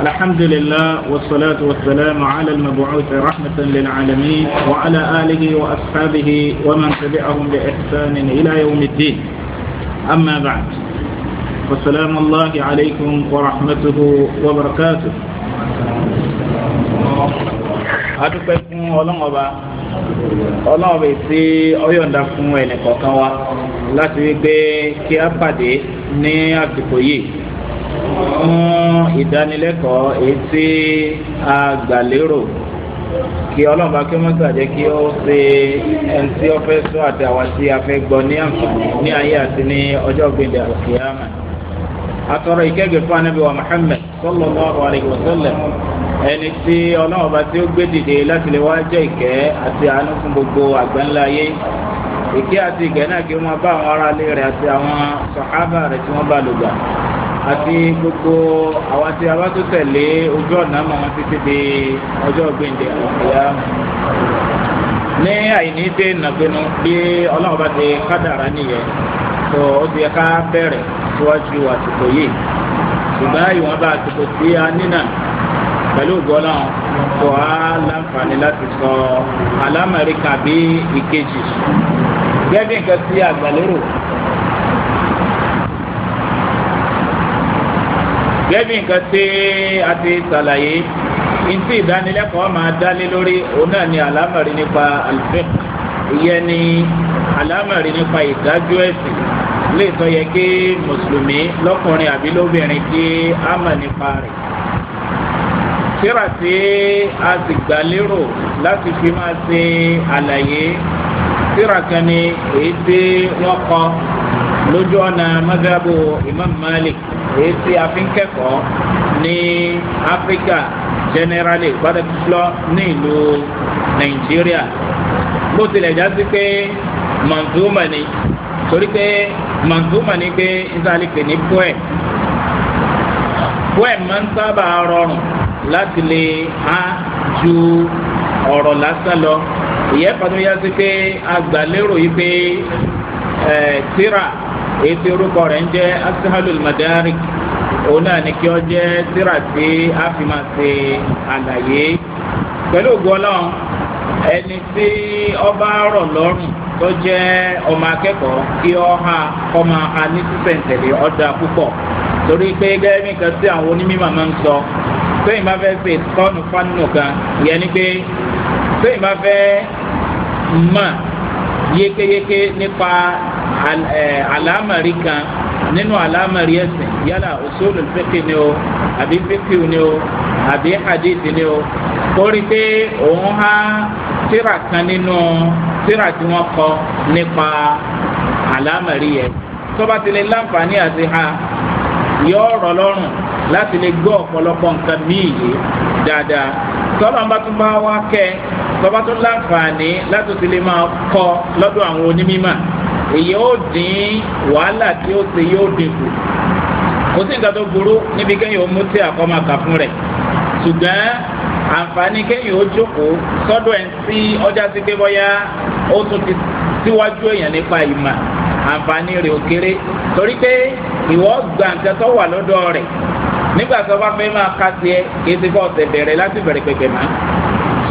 الحمد لله والصلاة والسلام على المبعوث رحمة للعالمين وعلى آله وأصحابه ومن تبعهم بإحسان إلى يوم الدين أما بعد فسلام الله عليكم ورحمته وبركاته adúpẹ́ fún ọlọ́run ọba ọlọ́run fún ẹnì kọ̀ọ̀kan wa láti wí kí a pàdé ní àsìkò yìí fún ìdánilẹ́kọ̀ọ́ etí agbàlérò kí ọlọ́run bá kí wọ́n gbàjẹ́ kí ó ṣe ẹni tí ó fẹ́ sọ àti àwa tí a fẹ́ gbọ́ ní àǹfààní ní ayé àti ní ọjọ́ gbèdé àkíyàmà atọrọ ìkẹ́gbẹ́ fún anábì wa muhammed sallallahu alayhi wa sallam ẹni tí ọlọ́run bá tí ó gbé dìde láti lè wá jẹ́ ìkẹ́ àti àánú fún gbogbo àgbáńlá ayé ìkẹ́ àti ìkẹ́ náà kí wọ́n bá àwọn aráalé rẹ̀ àti àwọn àti gbogbo àwọn àti àwọn tó ojú ọ̀nà wọn títí di ọjọ́ gbẹ̀ǹdẹ̀ àlùfíà ní àìní dé nàgbénu bí ọlọ́run bá ti kádàrá nìyẹn tó ó ti ká bẹ̀rẹ̀ síwájú àsìkò yìí ṣùgbọ́n ìwọ̀n bá a nínà pẹ̀lú láǹfààní láti sọ alámẹ̀ríkà bí ìkejì gẹ́gẹ́ nǹkan àgbàlérò lẹ́bi nǹkan tí a ti ṣàlàyé ntí ìdánilẹ́kọ̀ọ́ máa dálé lórí òun náà ni àlámọ̀rí nípa alfẹ́k ìyẹn ni àlámọ̀rí nípa ìdájọ́ ẹ̀sìn léètọ́ yẹ kí mùsùlùmí lọ́kùnrin àbí lóbìnrin kí á mọ̀ nípa rẹ̀ síra tí a sì gbà lérò láti fi máa ṣe àlàyé síra kan ni èyí tí wọ́n kọ lójú ọ̀nà mọ́gàbò imam malik. èyí tí a fi ní áfíríkà generally gbọ́dọ̀ ní ìlú nàìjíríà bó tilẹ̀ já sí pé ni torí pé mọ̀ntúmọ̀ ni pé ìsàlìkè ní pọ́ẹ̀ pọ́ẹ̀ máa ń rọrùn láti lè ha ju ọ̀rọ̀ lásán lọ sí pé yìí pé tíra ètò orúkọ rẹ̀ ń jẹ́ asahalul madarik òun náà ni kí ọ jẹ́ síra tí a fi máa ṣe àlàyé pẹ̀lú ògùn ọlọ́run ẹni tí ọba rọ̀ lọ́rùn tó jẹ́ ọmọ akẹ́kọ̀ọ́ kí ọ ha kọ́ máa ha ní sísẹ̀ntẹ̀lé ọ̀dà púpọ̀ torí pé gẹ́gẹ́ bí nǹkan tí àwọn onímọ̀ máa ń sọ sẹ́yìn bá fẹ́ ṣe tọ́nu fánù kan ìyẹn pé sẹ́yìn bá fẹ́ mọ̀ yékéyéké nípa àlámàrí eh, kan nínú àlámàrí ẹ̀sìn yálà òṣòlù fẹ́kì ni o àbí fẹ́kì ni o àbí hadith ni o torí pé òun há tíra kan nínú tíra tí wọ́n kọ nípa àlámàrí yẹn tọ́ba ti lè láǹfààní àti ha yọ ọ̀rọ̀ lọ́rùn láti lè gbọ́ ọ̀pọ̀lọpọ̀ nǹkan míì yé dáadáa tọ́lọ́ bá tún bá wá kẹ́ tọ́ba tún láǹfààní láti lè máa kọ́ lọ́dọ̀ àwọn onímọ̀ èyí ó dín wàhálà tí ó ṣe yóò dínkù kò sí nǹkan tó burú níbi kéèyàn ó mú tí àkọ́mọ kà fún rẹ̀ ṣùgbọ́n àǹfààní kéèyàn ó jókòó sọ́dọ̀ ẹ̀ ń sí ọjà sí pé bọ́yá ó tún ti síwájú èèyàn nípa ìmọ̀ àǹfààní rẹ̀ ò kéré torí pé ìwọ gba nǹkan tó wà lọ́dọ̀ rẹ̀ nígbà tó bá fẹ́ máa ka tiẹ̀ kì í ti fọ́ ọ̀sẹ̀ bẹ̀rẹ̀ láti bẹ̀rẹ̀ pẹ̀pẹ̀ mọ́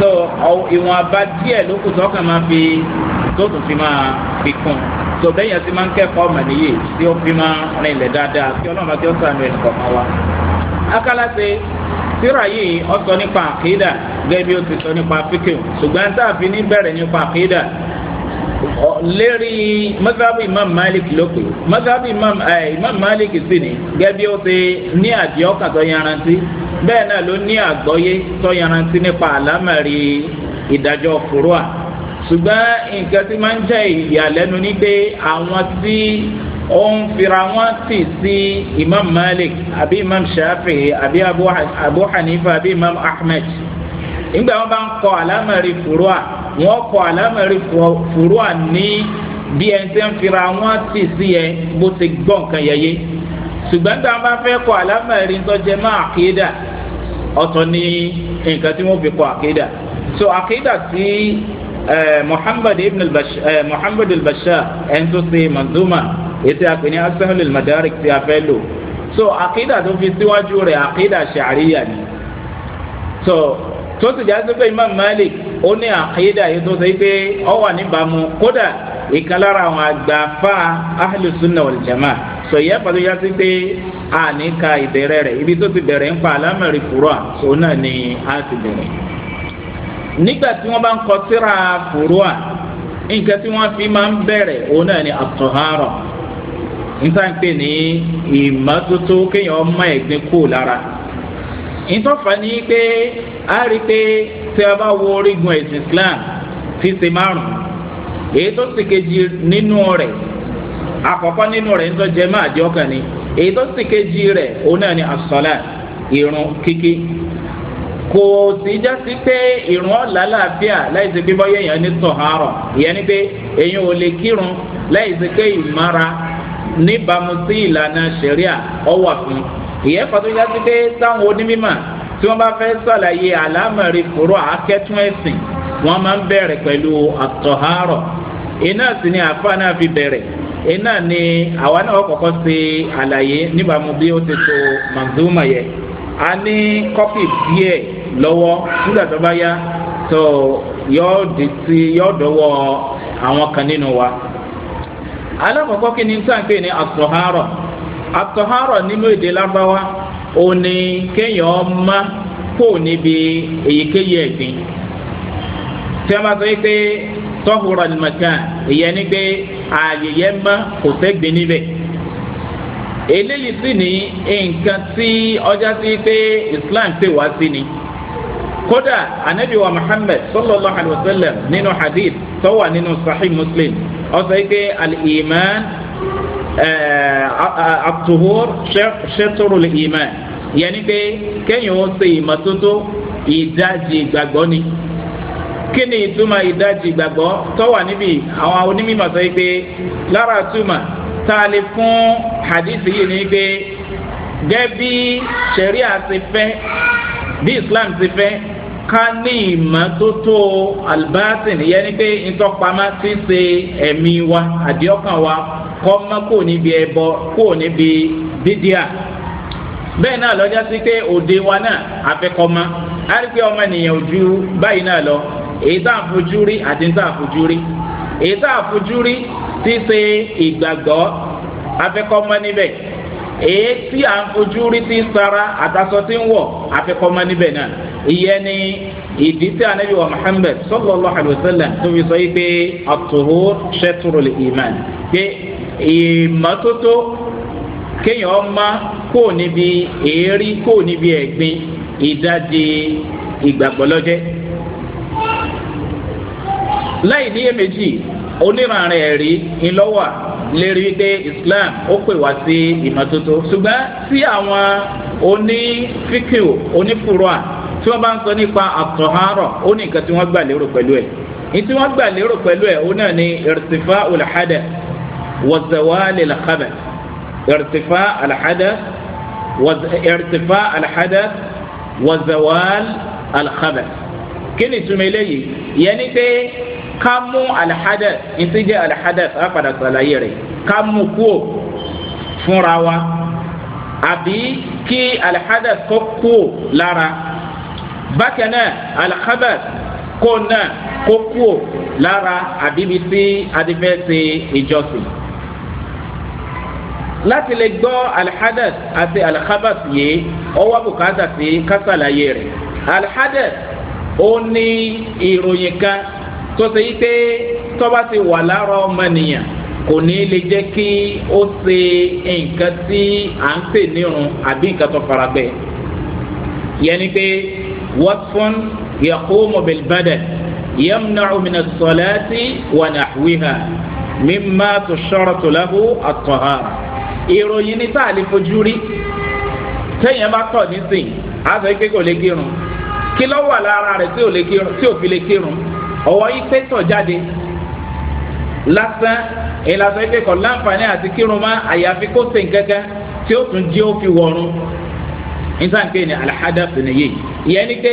so ìwọ̀n àbá díẹ̀ ló kù tó kàn máa fi tó tún fi máa fi kún un tó bẹ́ẹ̀ yẹn ti máa ń kẹ́kọ̀ọ́ ọmọ nìyí tí ó fi máa ń rìn lẹ̀ dáadáa kí ọlọ́run àti ọ̀sán rẹ̀ kọ̀ọ̀kan wa. akálàṣe síra yìí ó sọ nípa àkídà gẹ́gẹ́ bí ó ti sọ nípa fíkìm ṣùgbọ́n tá a fi ní bẹ̀rẹ̀ nípa àkídà lérí mọ́sáàbù imam malik ló pè mọ́sáàbù imam eh, imam malik sì ni gẹ́gẹ́ bí ó ti ní àdìọ́kà tó yanrantí bẹ́ẹ̀ náà ló ní àgbọ́yé tó yanrantí nípa àlámẹ̀rí ìdájọ́ fúrúà ṣùgbọ́n nǹkan tí máa ń jẹ́ ìyàlẹ́nu ni pé àwọn tí ó ń fira wọn tì sí imam malik àbí imam shafi àbí abu hanifa àbí imam ahmed nígbà wọn bá ń kọ alámẹ̀rí fúrúà wọn kọ alámẹ̀rí fúrúà ní bí ẹni tí ń fira wọn tì sí yẹ bó ti gbọ́ nǹkan yẹ ṣùgbọ́n tí wọn bá fẹ́ kọ alámẹ̀rí tó jẹ mọ́ ọ̀tọ̀ ni nǹkan tí wọ́n fi kọ àkídà so àkídà tí. Si, Eh, muhammad ibn al-bashar eh, muhammad al-bashar ẹni tó ṣe manzuma ètò àpèní asahul al-madarik tí a fẹ́ lò so àkídà tó fi síwájú rẹ̀ àkídà ṣàríyà ni so tó sì já sí pé imam malik ó ní àkídà yìí tó ṣe pé ọ wà níbàámu kódà ìkan lára àwọn àgbàfà ahlus sunna wal jamaa so ìyá pàtó já sí pé a ní ka ìbẹ̀rẹ̀ rẹ̀ ibi tó ti bẹ̀rẹ̀ ń pa alámẹ̀rẹ̀ fúrọ̀ àtò náà ni a ti bẹ̀rẹ̀. nígbà tí wọ́n bá ń kọ síra fòrúà nǹkan tí wọ́n fi máa ń bẹ̀rẹ̀ òun náà ni àtọ̀hárọ̀ níta ní ìmọ́tótó kéèyàn ọmọ ẹ̀gbin kù lára ìtọ́fà ni pé a rí i pé tí a bá wo orígun ẹ̀sìn islam ti ṣe márùn èyí tó sì kejì nínú rẹ̀ àkọ́kọ́ nínú rẹ̀ ń tọ́ jẹ́ máa ni èyí tó sì kejì rẹ̀ òun náà ni àsọ̀lá irun kíkí kò sí jásí pé ìrún ọ̀la làbíà láì ṣe pé bọ́yá èèyàn ní ìyẹn ni pé èèyàn ò lè kírun láì ṣe pé ìmọ̀ra níbàámu ìlànà sẹ̀ríà ọ̀wà fún ìyẹn jásí pé sáwọn onímọ̀ tí wọ́n bá fẹ́ àlámọ̀rí akẹ́tún ẹ̀sìn wọ́n máa ń bẹ̀rẹ̀ pẹ̀lú àtọ̀hárọ̀ iná sì ni àfa náà fi bẹ̀rẹ̀ iná ni àwa náà kọ̀kọ́ ṣe àlàyé níbàámu bí lọ́wọ́ nígbà tó bá yá tó yọ di ti yọ dọwọ àwọn kan nínú wa alákọ̀ọ́kọ́ kí ni sáǹpé ní asọ̀hárọ̀ ni nínú èdè lábáwá ò ní kéèyàn má kó níbi èyíkéyìí ẹ̀gbìn tí a máa sọ pé tọ́hùrọ̀ nìmọ̀kan ìyẹn ni pé ààyè yẹn má kò níbẹ̀ eléyìí sì islam pè wá sí ni. Si kódà anabi wa muhammed sallallahu alayhi wa sallam nínú hadith tó wà nínú sahih muslim ọsọ yìí pé al-iman eh, atuhur ṣètòrò iman yẹni pé kéèyàn ó ṣe ìmọ̀tótó ìdajì ìgbàgbọ́ ni kí ni ìtumọ̀ ìdajì ìgbàgbọ́ tó wà níbi àwọn onímọ̀ sọ yìí pé lára túmọ̀ tá fún hadith yìí ni pé gẹ́gẹ́ sẹ̀ríà ti fẹ́ bí islam ti fẹ́ ká ní ìmọ́tótó albatin yẹn ni pé ntọ́pamọ́ ti ṣe ẹ̀mí wa àdìọ́kàn wa kọ́ mọ́ kó níbi ẹbọ kó níbi bídíà bẹ́ẹ̀ náà lọ́jà sí pé òde wa náà afẹ́kọ́mọ́ àríkẹ́ ọmọ nìyẹn ojú báyìí náà lọ èyí tá a fojú rí àti tá a fojú rí èyí tá a fojú rí ti ṣe ìgbàgbọ́ afẹ́kọ́mọ́ níbẹ̀ èyí tí à ń fojú rí ti sara àtàsọ tí ń na àfikọ́mọ níbẹ̀ náà ìyẹn ni ìdí tí anabi wa muhammed sallallahu alayhi wa sallam tó fi sọ yìí pé at-tuhur shatrul iman pé ìmọ́tótó kéèyàn ọmọ kò níbi èérí kò níbi ẹ̀gbin ìdajì ìgbàgbọ́ lọ́jẹ́ láì níyèméjì oníranrin ẹ̀rí ńlọ́wà. lérí wípé islam ó pè wá sí ìmọ́tótó ṣùgbọ́n tí àwọn onífíkìw onífurọ́à tí wọ́n bá ń sọ nípa àtọ̀hárọ̀ ó ní nǹkan tí wọ́n gbà lérò pẹ̀lú ẹ̀ ní tí wọ́n gbà lérò pẹ̀lú ẹ̀ ó náà ní ìrìsìfà olùhadà wọ̀zẹ̀wálẹ̀ làkàbẹ̀ ìrìsìfà alhadà ìrìsìfà alhadà wọ̀zẹ̀wálẹ̀ alhadà kí ni ìtumọ̀ eléyìí yẹn ní pé ká mú alihadẹ ìtìjẹ alihadẹ àpàdà sàlàyé rẹ ká mú kúò fúnra wa àbí kí alihadẹ kó kúò lára bákan náà alihabẹ kó náà kó kúò lára àbí bí sí adìfẹ́sẹ̀ ìjọsìn láti lè gbọ́ alihadẹ àti alihabẹ yìí ọwọ́ bùkátà sí kásàlàyé rẹ alihadẹ ó ní ìròyìn kan tó ṣe yí pé tọ́ba ti wà lára ọmọnìyàn kò ní lè jẹ́ kí ó ṣe nǹkan tí à ń pè nírun àbí nǹkan tó fara pẹ́ yẹn ni pé wọ́tfún yakumu bilbada yamnacu mina sọláàtì wà nàḥwìhà mímá tó ṣọ́rọ̀ tó láhu àtọ̀hà ìròyìn ní tá fojú rí téèyàn bá tọ̀ nísìnyí a sọ kò lè kírun kí ló lára rẹ̀ tí ò fi lè kírun ọwọ́ yìí pé tọ̀ jáde lásán ìlàsọ ìpè kọ̀ láǹfààní àti kírun má àyàfi kó sè nkankan tí ó tún jí ó fi wọ̀run nígbà pé ní alahada fìnnìyẹ ìyẹn ni pé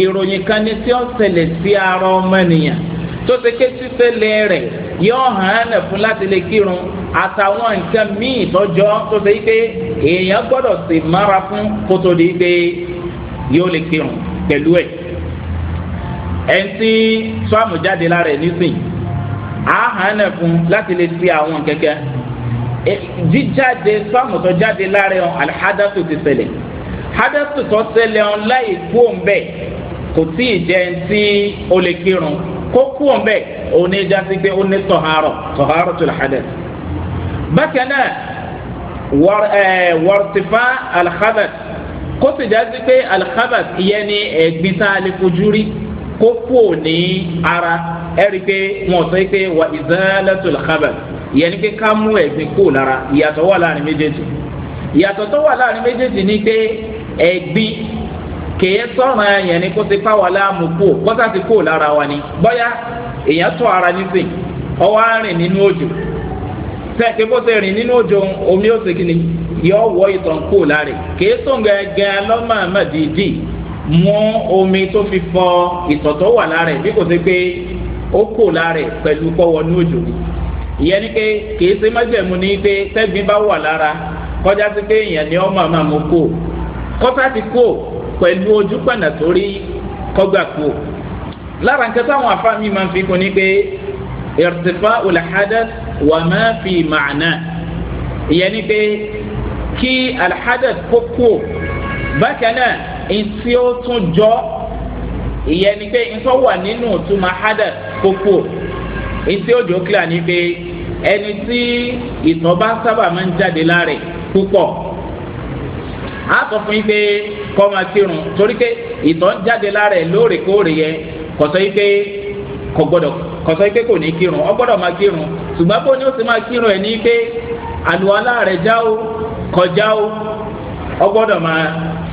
ìròyìn kan ní tí ó ṣẹlẹ̀ sí ara ọmọnìyàn tó ṣe ké sísẹ́lẹ̀ rẹ̀ yóò hàn án lẹ̀ fún láti lè kírun àtàwọn nǹkan míì tọ́jọ́ tó ṣe pé èèyàn gbọ́dọ̀ sì mára fún kótó di pé yóò lè kírun pẹ̀lú ẹ̀ ẹ̀ǹtí sọ́ọ̀mù jáde lára ẹ̀ nísìn àhánà fún láti lè fi àwọn kẹ̀kẹ́ jíjáde sọ́ọ̀mù tó jáde lára ẹ̀ alhadasu ti ṣẹlẹ̀ hadasu tó ṣẹlẹ̀ ọ̀n láì kú òun bẹ́ẹ̀ kò tí ì jẹ́ ẹ̀ǹtí o lè kírun kó kú òun bẹ́ẹ̀ ní jásí pé ó ní tọ̀hárọ̀ tọ̀hárọ̀ tó lè hadas bákan náà wọ́rtifa alhabas kó sì jásí pé alhabas ìyẹn ní ẹ̀gbin tá a lè fojú rí. kókó ní ara ẹ̀rí pé wọ́n sọ pé wà ni pé ká mú ẹ̀gbin kó lára ìyàtọ̀ wà láàrin méjèèjì ìyàtọ̀ tó wà láàrin méjèèjì ni pé ẹ̀gbin kèé sọ̀rọ̀ ẹ̀yẹn ni kó ti pa wà láàmú kó kọ́tà ti kó lára wa ni bọ́yá ara nísìn ọwọ́ nínú òjò bó ti rìn nínú òjò omi ó ti yọ ìtàn kó lára kèé mú omi tó fi fọ ìtọ̀tọ̀ wà lára ẹ̀ bí kò sí pé ó kò lára ẹ̀ pẹ̀lú pọ́wọ́ ní òjò ni ìyẹn ni pé kì í ṣe májẹ̀mú ni pé tẹ́gbin bá wà lára kọjá sí pé èèyàn ni ọmọ àmọ́ àmọ́ kò kọ́tà ti kò pẹ̀lú ojú pẹ̀nà tó kọ́gbà kò lára nǹkan táwọn afáàmì máa fi kún ni pé ìrìtìfá olùhádà wà máa fi màánà ìyẹn ni pé kí alhádà kó kò bákan náà. ntí ó tún jọ ìyẹn ni pé ntọ́ wà nínú ìtumọ̀ hádà kókó ntí ó jọ kílà ni pé ẹni tí ìtọ̀ bá sábà máa ń jáde láre púpọ̀ a sọ fún yín pé kọ́ máa kírun torí pé ìtọ̀ ń jáde láre lóòrèkóòrè yẹn yín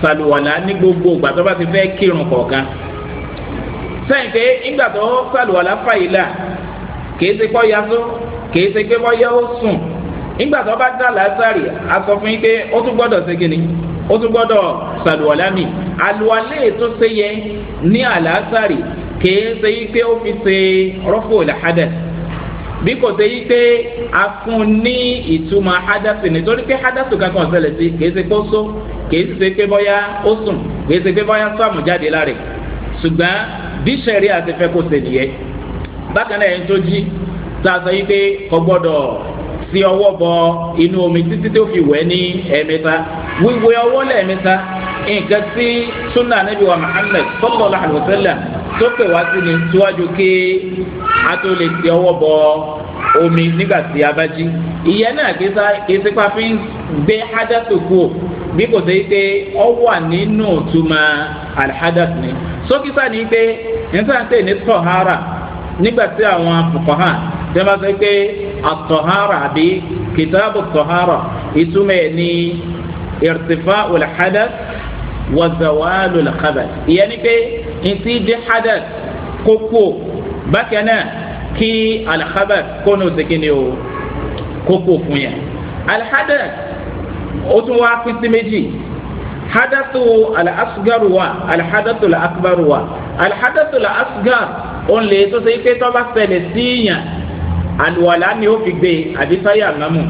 sàlùwàlà ní gbogbo ìgbà tó bá ti fẹ́ kírun kọ̀ọ̀kan sẹ́yìn pé ìgbà tó sàlùwàlà fàyílà kìí ṣe pọ́ yasó kìí ṣe pé wọ́n yẹ ó sùn ìgbà tó bá dá làásàrì aṣọ fún yín pé ó tún gbọ́dọ̀ ṣe kíni ó tún gbọ́dọ̀ sàlùwàlà mi àlùwàlà ètò ṣe yẹ ní àlàásàrì kìí ṣe yí pé ó fi ṣe rọ́fò làhádẹ́sì bí kò tẹ́ yí pé a fún ní ìtumọ̀ hadasu nítorí pé hadasu kankan ṣẹlẹ̀ sí kìí ṣe pé ó só kìí ṣe pé bọ́yá ó sùn kìí ṣe pé bọ́yá sọ́ọ̀mù jáde láre ṣùgbọ́n bí sẹ̀rí àti fẹ́ kó ṣe nìyẹn bákan náà ẹni tó jí tá a sọ yí pé kò gbọ́dọ̀ sí ọwọ́ bọ inú omi títí tó fi wẹ̀ ní ẹ̀mẹta wíwẹ̀ ọwọ́ lẹ́ẹ̀mẹta nǹkan tí sunna anabi wa muhammed sallallahu alaihi wa sallam tó pè wá sí ni síwájú kí a tó lè ti ọwọ́ bọ omi nígbà tí a bá jí ìyẹn náà kì í sípa fi ń gbé hádàtò kú o bí kò sí pé ọ wà nínú ìtumọ̀ alhadath ni sókítà ni pé nígbà ní tọ̀hárà nígbà tí àwọn afọ̀kọ̀hà tí wọ́n bá sọ pé àtọ̀hárà àbí kìtàbù tọ̀hárà ìtumọ̀ ẹ̀ ní irtifa alhadath wàzàwálò làkàbà ìyẹn ni pé ntí di hadad kókó bákan náà kí alàkàbà kó ní òsèké ni o kókó fún yẹn alhadad ó tún wá pín sí méjì hadatu alasugaru wa alhadatu alakubaru wa alhadatu alasugar òun lè tó ṣe pé tọ́ba ṣẹlẹ̀ síyàn àlùwàlá ni ó fi gbé àbí sáyà mọ́mù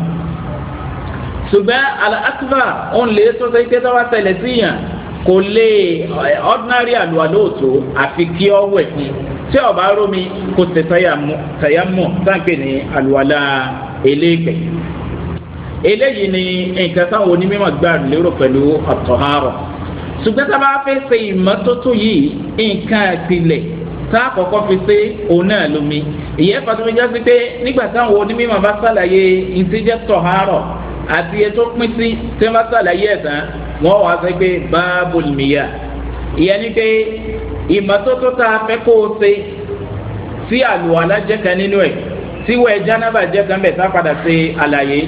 ṣùgbọ́n alasugar òun lè tó ṣe pé tọ́ba ṣẹlẹ̀ kò lè eh, ordinary àlùwà lóòótọ́ àfi kí ọ wẹ̀ fún tí ọba rómi kò sì tẹ̀yàmù sáǹpẹ̀ ní àlùwàlà eléèpẹ̀ eléyìí ni nǹkan táwọn onímọ̀ gbà lérò pẹ̀lú ọ̀tọ̀hárọ̀ ṣùgbọ́n tá a bá fẹ́ ṣe ìmọ́tótó yìí nǹkan ìpìlẹ̀ tá a kọ́kọ́ fi ṣe òun náà lómi ìyẹn fàtúmí jásí pé nígbà táwọn onímọ̀ bá ṣàlàyé ìtìjẹ́ tọ̀hárọ̀ àti ètò pín sí tí wọ́n bá ṣàlàyé ẹ̀ tán wọ́n wá sọ pé báàbò nìyà ìyẹn ni pé ìmọ́tótó tá a fẹ́ kó o ṣe tí àlùwàlá jẹ́ kan nínú ẹ̀ tí wọ́n jánábà jẹ́ kan bẹ̀ tá a padà ṣe àlàyé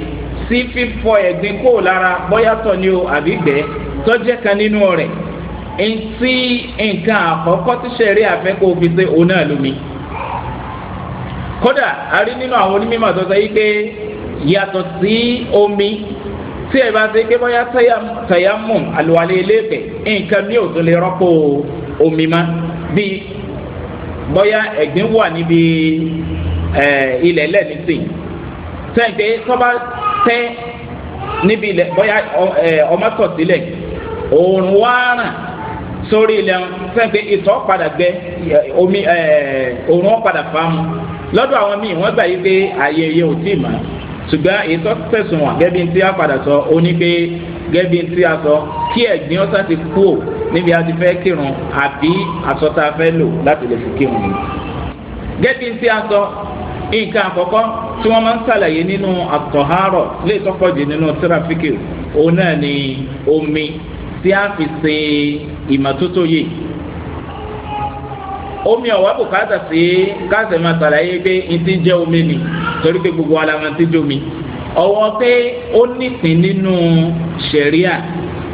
sí fífọ ẹ̀gbin kó o lára bóyá tọ̀ ni o àbí gbẹ́ tó jẹ́ kan nínú rẹ̀ ntí nǹkan àkọ́kọ́ tí sẹ̀rí àfẹ́kọ́ òfin ṣe òun náà lómi. kódà a rí nínú àwọn onímọ̀ tó sọ yí pé yàtọ̀ sí omi tí ẹ bá ṣe pé bóyá tayamum àlùwalẹ̀ eléèpẹ̀ nǹkan mi ò tún lè rọ́pò omi ma bí bóyá ẹ̀gbin wà níbi ilẹ̀ lẹ́nìsìn sẹ́ǹkẹ́ tọ́ba tẹ́ níbi ilẹ̀ bóyá ọmọ tọ̀ sílẹ̀ òòrùn wá ràn sórí ilẹ̀ sẹ́ǹkẹ́ ìtọ̀ padà gbẹ omi òòrùn wọn padà fà mu lọ́dọ̀ àwọn míì wọ́n gbà yí pé àyè yẹ ò tí ì mọ́ ṣùgbọ́n èyí tó tẹ̀sùn wọn gẹ́gẹ́ bí n tí a padà sọ ó ní pé gẹ́gẹ́ bí n tí a sọ kí ẹ̀gbin ọ̀sán ti kú ò níbi a ti fẹ́ kírun àbí àsọta fẹ́ lò láti lè fi kírun ni. gẹ́gẹ́ bí n tí a sọ nǹkan àkọ́kọ́ tí wọ́n máa ń ṣàlàyé nínú àtọ̀hárọ̀ lè tọ́pọ̀ jù nínú tíráfíkì òun náà ni omi tí a fi ṣe ìmọ̀tótó yìí omi ọ̀wá bùkátà sí káṣẹ̀ máa ṣàlàyé pé n ti jẹ́ omi nì torí pé gbogbo alamọ ti jẹ́ omi ọ̀wọ́ pé ó nípìn nínú ṣẹ̀ríà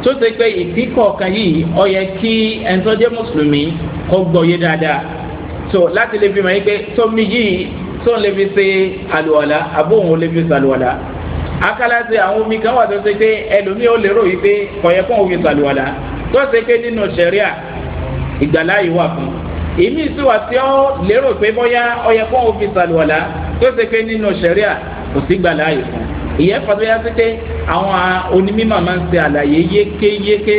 tó ṣe pé ìpínkọ̀ọ̀kan yìí ọ yẹ kí ẹni mùsùlùmí kó gbọ́ yé dáadáa so láti lè fi mọ̀ yín pé tómi yìí tó ń lè fi ṣe àlùwàlà àbó òun lè fi ṣàlùwàlà akálàṣe àwọn omi kan wà tó ṣe pé ẹlòmíì ó lérò yìí pé kọ̀yẹ́ fún òun fi ṣàlùwàlà tó ṣe pé nínú ṣẹ̀ríà ìgbàláyìí wà fún un èmi sì wà tí ó lérò pé bóyá ọyẹ fún òfin sàlùwàlà tó ṣe pé nínú sẹríà kò sí gbà láàyè fún ìyẹn fàtó yá sí pé àwọn onímọ̀ máa ń ṣe àlàyé yékéyéké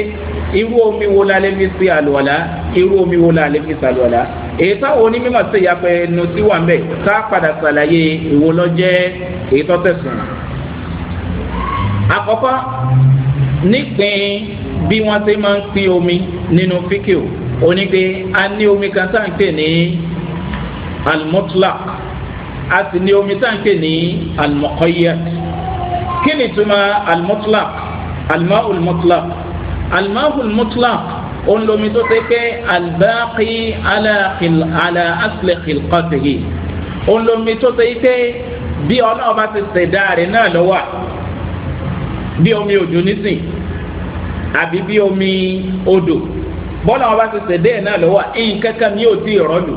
irú omi wo la lè fi ṣe àlùwàlà irú omi wo la lè fi ṣàlùwàlà èyí táwọn onímọ̀ ṣe ìyàpẹ̀ ẹnu tí wà ń bẹ̀ padà ṣàlàyé ìwo lọ èyí tó tẹ̀sán. àkọ́kọ́ nípìn bí wọ́n ṣe máa ń pín omi nínú fíkìl òní pé a ní omi kan tá à ń pè ní almutlak a sì ní omi tá à ń pè ní almukoyet kí ni tuma almutlak almahul mutlak almahul mutlak òun lomi tó ṣe pé albaqi ala asle xilqatihi òun lomi tó ṣe pé bí ọlọ́ọ̀bá ti ṣẹ̀dá rẹ̀ náà lọ́wọ́ bí omi òjò nísìn àbí bí omi odò bọ́lá wọn bá ti ṣẹ̀dá ẹ̀ náà lọ́wọ́ nǹkan kan yóò ti rọ́ọ̀lù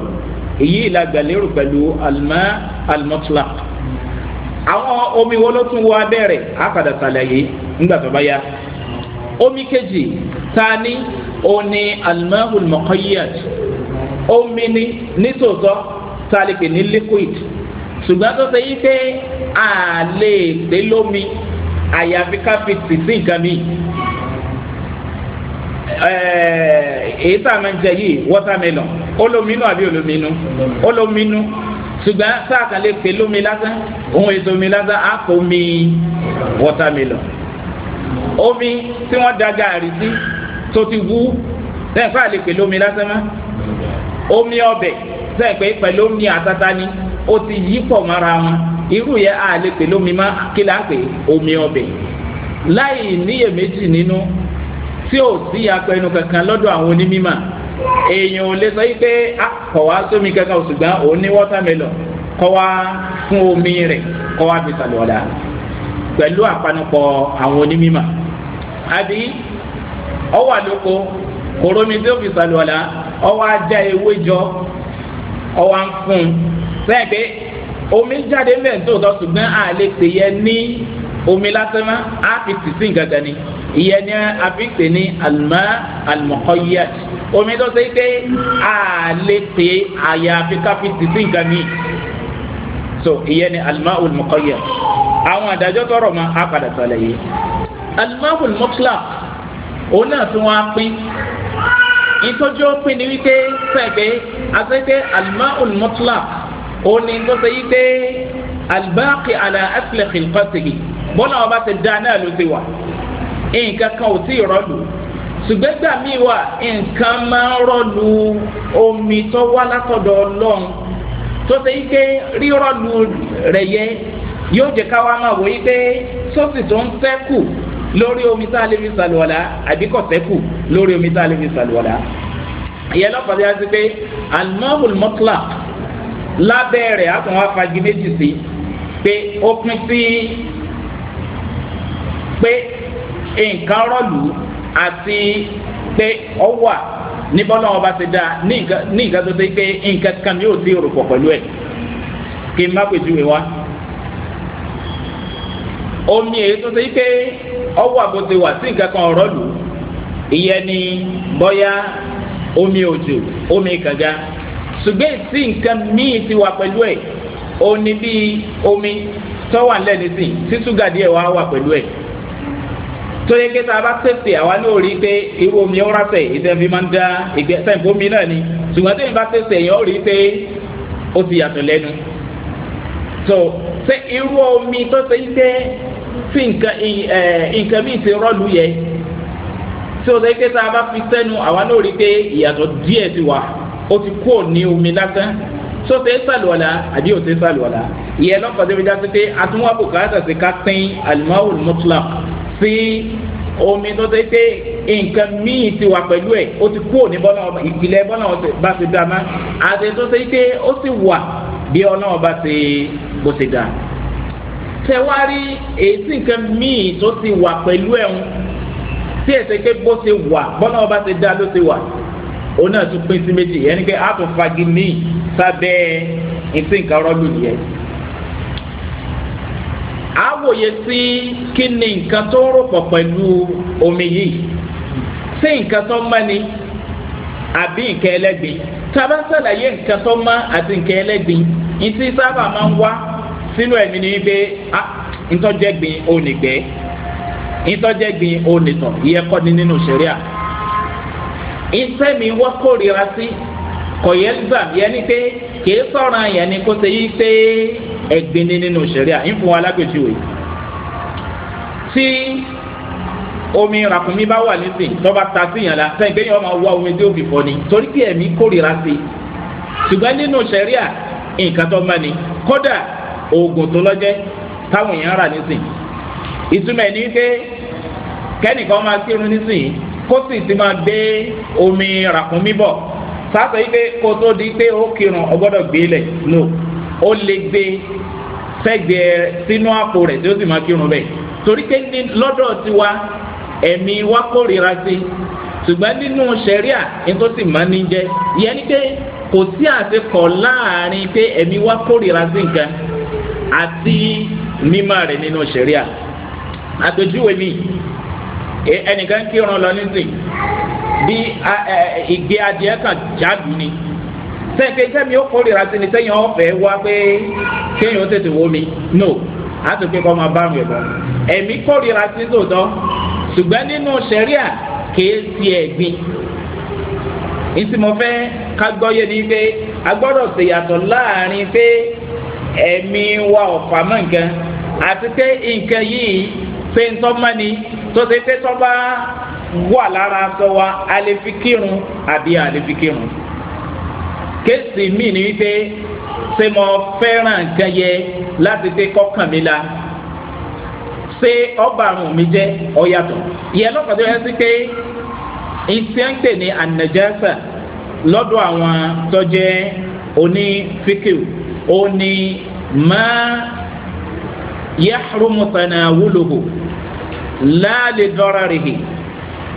èyí ìlàgbàlérò pẹ̀lú alma almutlaq àwọn omi wo ló tún wọ abẹ́rẹ́ àpàdà sàlàyé nígbà tó bá yá omi kejì tani òní almahul mọ̀kọ́yíyàt omi ni nítòótọ́ tálíkì ní liquid ṣùgbọ́n tó ṣe yí pé a lè àyàfi ká fi tìsí nǹkan mìíràn. Eh, èyí tá a máa ń jẹ yìí watermelon olóminú àbí olóminú olóminú ṣùgbọ́n sáà kan lè pè lómi lásán òun èso omi lásán á kó mi watermelon omi tí wọ́n da gaari sí tó ti wú lẹ́yìn sáà lè pè lómi lásán mọ́ omi ọbẹ̀ sẹ́yìn pé pẹ̀lú omi àtàtà ni ó ti yí pọ̀ mọ́ra wọn irú yẹn á lè pè lómi mọ́ kí là ń pè omi ọbẹ̀ láì níyèméjì nínú. No tí ò sí apẹnu kankan lọ́dọ̀ àwọn onímọ̀ èèyàn ò lè sọ yìí pé ah, kọ̀ wá sómi kankan ṣùgbọ́n òun ní wọ́tàmẹ́lọ̀ kọ́ wá fún omi rẹ̀ kọ́ wá fi sàlùwọ̀dà pẹ̀lú àpanupọ̀ àwọn onímọ̀ àbí ọwọ́ àlòkò kòrómi tí ó fi ajá ewé jọ omi lásán má a fi tìsín gàgà ni ìyẹn ni a fi pè ní alùmá alùmọ̀kọ́yẹ́t omi tó ṣe pé a lè pè àyàfi ká fi tìsín gàgà mi so ìyẹn ni alùmá alùmọ̀kọ́yẹ́t àwọn àdájọ́ tọrọ ma a padà sọlẹ̀ yìí alùmá alùmọ̀kọ́lá òun náà tún wá pín ìtọ́jú pín ní wípé pẹ̀gbẹ́ àtẹ́gbẹ́ alùmá alùmọ̀kọ́lá òun ni tó ṣe yí pé alùbáàkì àlà ẹ̀fìlẹ̀ kìlpàtìkì bọ́lá wọn bá ti da náà ló ti wà nǹkan kan ò tí ì rọ́lù ṣùgbọ́n gbà mí wà nǹkan máa ń rọ́lù omi tó wá látọ̀dọ̀ ọlọ́run tó ṣe ike rírọ́lù rẹ̀ yẹ yóò jẹ́ ká wá máa wò ike sọ́ọ̀sì tó ń sẹ́kù lórí omi tá a lè fi ṣàlùwàlá àbí kò sẹ́kù lórí omi tá a lè fi ṣàlùwàlá ìyẹn lọ́pàá ti á sí pé alimọ́hùn mọ́tìlá lábẹ́ rẹ̀ á tún wá fagi méjì sí pé ó pín sí pé nǹkan rọ̀lù àti pé ọ wà ọba ti da ní nǹkan tó ṣe pé nǹkan kan yóò sí òrùpọ̀ pẹ̀lú ẹ̀ kí n má pèjúwe wá. omi èyí tó ṣe pé ọ bó ti wà sí nǹkan kan rọ̀lù ìyẹn ni bọ́yá omi òjò omi kànga ṣùgbọ́n ìsí nǹkan míì ti wà pẹ̀lú ẹ̀ òní bíi omi tọ́wà lẹ́ni díẹ̀ wá wà pẹ̀lú ẹ̀. tóyẹ kí tá a bá tètè àwa ní òrí pé irú omi ọ̀rá tẹ̀ ìtẹ̀fí máa ń dá ìgbẹ́ sẹ́ǹpù omi náà ni ṣùgbọ́n tóyẹ bá tètè yẹn òrí pé ó ti yàtọ̀ lẹ́nu. tó ṣe irú omi tó ṣe ń tẹ́ tí nǹkan míì ti rọ́ọ̀lù yẹ tí ó ṣe kí tá a bá fi sẹ́nu àwa ní òrí pé ìyàtọ̀ díẹ̀ ti wà ó ti kú òní omi lásán tó ṣe é sàlùwàlà àbí ò ṣe é sàlùwàlà ìyẹn lọ́kọ̀ọ́ sí omi tó ṣe pé nǹkan míì ti wà pẹ̀lú ẹ̀ ó ti kúrò ní bọ́lá ọba ìpìlẹ̀ bọ́lá ọba bá ti dá má àti tó ṣe pé ó ti wà bí ọlọ́run bá ti bó ti dá. tẹ̀wárí èyí tí nǹkan míì tó ti wà pẹ̀lú ẹ̀ ń tí ẹ̀ ṣe pé bó ti wà bọ́lá ọba ti dá ló ti wà òun náà tún pín sí méjì ẹni pé a tún fagi ní sábẹ́ ìsìnkà rọ́lù yẹn. awoye sí kí ni nǹkan tó rò pọ̀ pẹ̀lú omi yìí sí nǹkan tó mọ́ ni àbí nǹkan ẹlẹ́gbin tábà sàlàyé nǹkan tó mọ́ àti nǹkan ẹlẹ́gbin ìtì sábà máa ń wá sínú ẹ̀mí ni wípé ah, kọ́ ni nínú sẹ́ríà ìsẹ́mi wọ́n sí kọ̀yẹ́ ni pé kì í ẹgbẹ́ ní nínú sẹ̀ríà ń fún wa lápèjúwe tí omi ràkúnmí bá wà nísìn tọ́ba ta sí yàn la sẹ́yìn gbẹ́yìn ọmọ wa omi tí o fi fọ́ ni torí pé ẹ̀mí kórìíra sí i ṣùgbọ́n nínú sẹ̀ríà nǹkan tó mọ́ ni kódà oògùn tó lọ́jẹ́ táwọn èèyàn rà nísìn ìtumọ̀ ẹ̀ ní pé kẹ́nìkan máa kírun nísìn kó sì ti máa gbé omi ràkúnmí bọ̀ sáà sọ yìí pé kó tó di pé ó kírun ọgbọ́dọ̀ gbé lẹ̀ lò. No ó lè gbé fẹ́gbẹ́ sínú àpò rẹ̀ tí ó sì máa kírun bẹ́ẹ̀ torí pé lọ́dọ̀ tiwa ẹ̀mí wa kórìíra sí ṣùgbọ́n nínú sẹ̀ríà nítorí sì máa ní jẹ́ yẹn ni pé kò sí àṣekọ̀ láàrin pé ẹ̀mí wa kórìíra sí nǹkan àti mímọ́ rẹ̀ nínú sẹ̀ríà àpèjúwe mi ẹnìkan kírun lọ nísìn bí ìgbé adìẹ kan jáde ni sẹ́ǹkẹ́ iṣẹ́ mi ó kórìíra sí ni sẹ́yìn ọ̀fẹ́ wá pé kéèyàn ó tètè wó mi no àtúnkẹ́ kọ́ máa bá mi bọ̀ ẹ̀mí kórìíra sí tòótọ́ ṣùgbọ́n nínú sẹ́ríà kìí sí ẹ̀gbin ìsì mo fẹ́ ká gbọ́ yé ni pé a gbọ́dọ̀ ṣèyàtọ̀ láàrin pé ẹ̀mí wa ọ̀fà mọ́ nǹkan àti pé nǹkan yìí pé ń tọ́mọ́ ni tó ṣe pé tọ́ bá wà lára aṣọ wa a lè fi kírun àbí a fi kírun kéèsì míì ni wípé ṣé mo fẹ́ràn nǹkan yẹ láti dé kọ́kàn mi la ṣé ọba àrùn mi jẹ́ ọ̀yàtọ̀ ìyẹn lọ́kàn tó yẹ sí pé iṣẹ́ ń pè ní ànàjẹ́sà lọ́dọ̀ àwọn tó jẹ́ oní fíkìw oní máa yahrumu tanawuluhu la li dararihi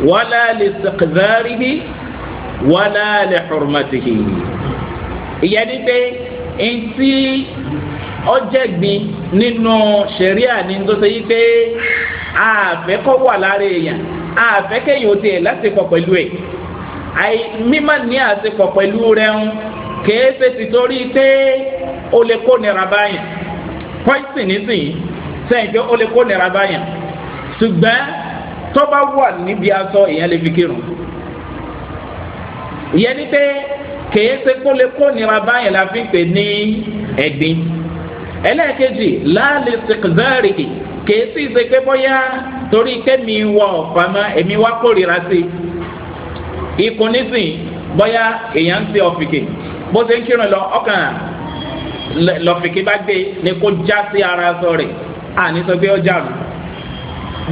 wala li istiqdarihi wala li hurmatihi ìyẹn ni pé ntí ọjẹ́gbin nínú sẹ̀ríà ni tó ṣe yí pé àfẹ́kọ́ wà lára èèyàn àfẹ́kẹ́yìn ò tiẹ̀ láti pọ̀ pẹ̀lú ẹ̀ àì mímọ̀ ní àṣepọ̀ pẹ̀lú rẹ̀ ń kèé ṣe ti torí pé o lè kó nira báyìí pọ́ìsì nísìnyí sẹ́yìn pé o lè kó nira báyìí ṣùgbọ́n tó wà níbi aṣọ ìyẹn lè fi kírun ìyẹn pé kèé ṣe kó lè kó nira báyìí la fi pè ní ẹ̀gbin ẹlẹ́ẹ̀kejì láàlẹ́ sèkìzárì kèé sì ṣe pé bóyá torí kẹ́mi wọ ọ̀fàmọ́ èmi wá kórìíra sí i ikùn nísìn bóyá èèyàn ń ṣe ọ̀fìkì bó ṣe ń kírun lọ ọkàn lọ́fìkì bá gbé ni kó já sí ara sọ rẹ̀ àní sọ pé ó jàrú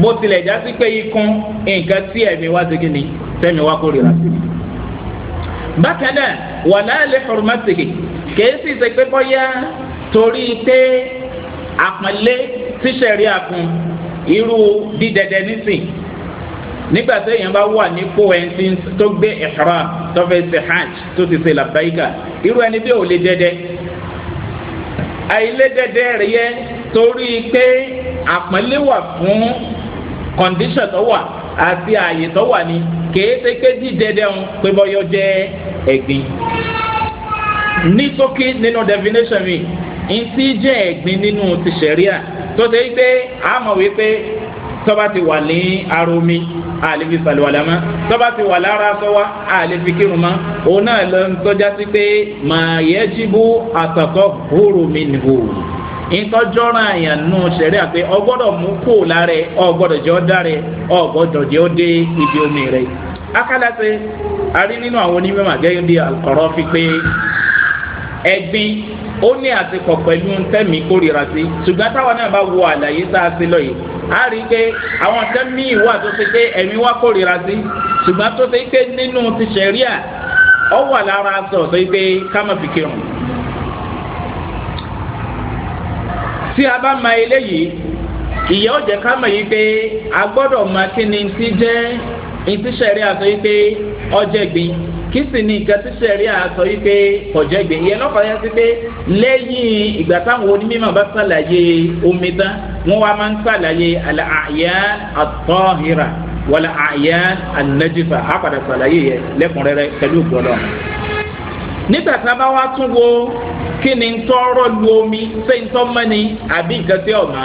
bó tilẹ̀ já sí pé ikùn nǹkan tí ẹ̀mí wá ṣe kí ni tẹ́mi wá kórìíra sí i bákan náà wàlá lè hurmatihi kèé sì ṣe pé bọ́yá torí pé àpọ́nlé tíṣẹ̀rí àkùn irú dídẹ̀dẹ̀ nísìn nígbà tí èèyàn bá wà nípò ẹni tó gbé ihram tó fẹ́ ṣe hajj tó ti ṣe làbáyíkà irú ẹni bí ò lè dẹ́dẹ́ àìlè rẹ̀ yẹ torí pé àpọ́nlé wà fún kọ̀ǹdíṣọ̀ tó wà àti ààyè tó wà ní kéésì ké dídé dẹ́hùn pé bọ́yọ̀ jẹ́ ẹ̀gbin ní sókè nínú definition mi ntí jẹ́ ẹ̀gbin nínú ti sẹ̀ríà tó ṣe pé a mọ̀ wípé tọ́ba ti wà ní aromi àlefi sàlùwàlámà tọ́ba ti wà lára sọ́wá àlefi kírùmá òun náà lọ tọ́já sí pé màá yẹ jíbú àtàkọ́ hóró mi nìhó ìtọ́jọ́ràn àyàn nù sẹ̀rí àpé ọgbọ́dọ̀ mú kó lára ọgbọ́dọ̀ jẹ́ ọ́dáre ọgbọ́dọ̀ jẹ́ ódé ibi omi rẹ̀. akálàṣe arí nínú àwọn onímọ̀ àgẹ́yìn bíi àkọ́rọ́ fi pé ẹ̀gbin ó ní àsìkò pẹ̀lú tẹ́mi kórìíra sí ṣùgbọ́n táwọn náà bá wo àlàyé tá a ti lọ yìí a rí i pé àwọn tẹ́mi ìwà tó ṣe pé ẹ̀mí wá kórìíra sí ṣùgbọ́n tó ṣe pé nínú ti ṣẹ̀ríà ọ wà lára sọ̀ ṣe pé ká má fi kírun tí a bá ma eléyìí ìyẹ́ ọ̀jẹ̀ ká mọ̀ yìí pé a gbọ́dọ̀ mọ kí ni ti jẹ́ ìtí sẹ̀rí àtọ́ yìí pé ọjẹ́ gbin kí sì ni nǹkan tí sẹ̀rí àtọ́ yìí pé ọjẹ́ gbin ìyẹn lọ́kọ̀ yẹn sí pé lẹ́yìn ìgbà táwọn onímọ̀ bá sàlàyé omi tán wọ́n wá máa ń sàlàyé àyà àtọ́hìrà wọlé àyà ànájífà á padà sàlàyé yẹn lẹ́kùnrẹ́rẹ́ pẹ̀lú ìgbọ́dọ̀ kí ni ń omi ṣé mẹ́ni àbí nǹkan tí ọ̀nà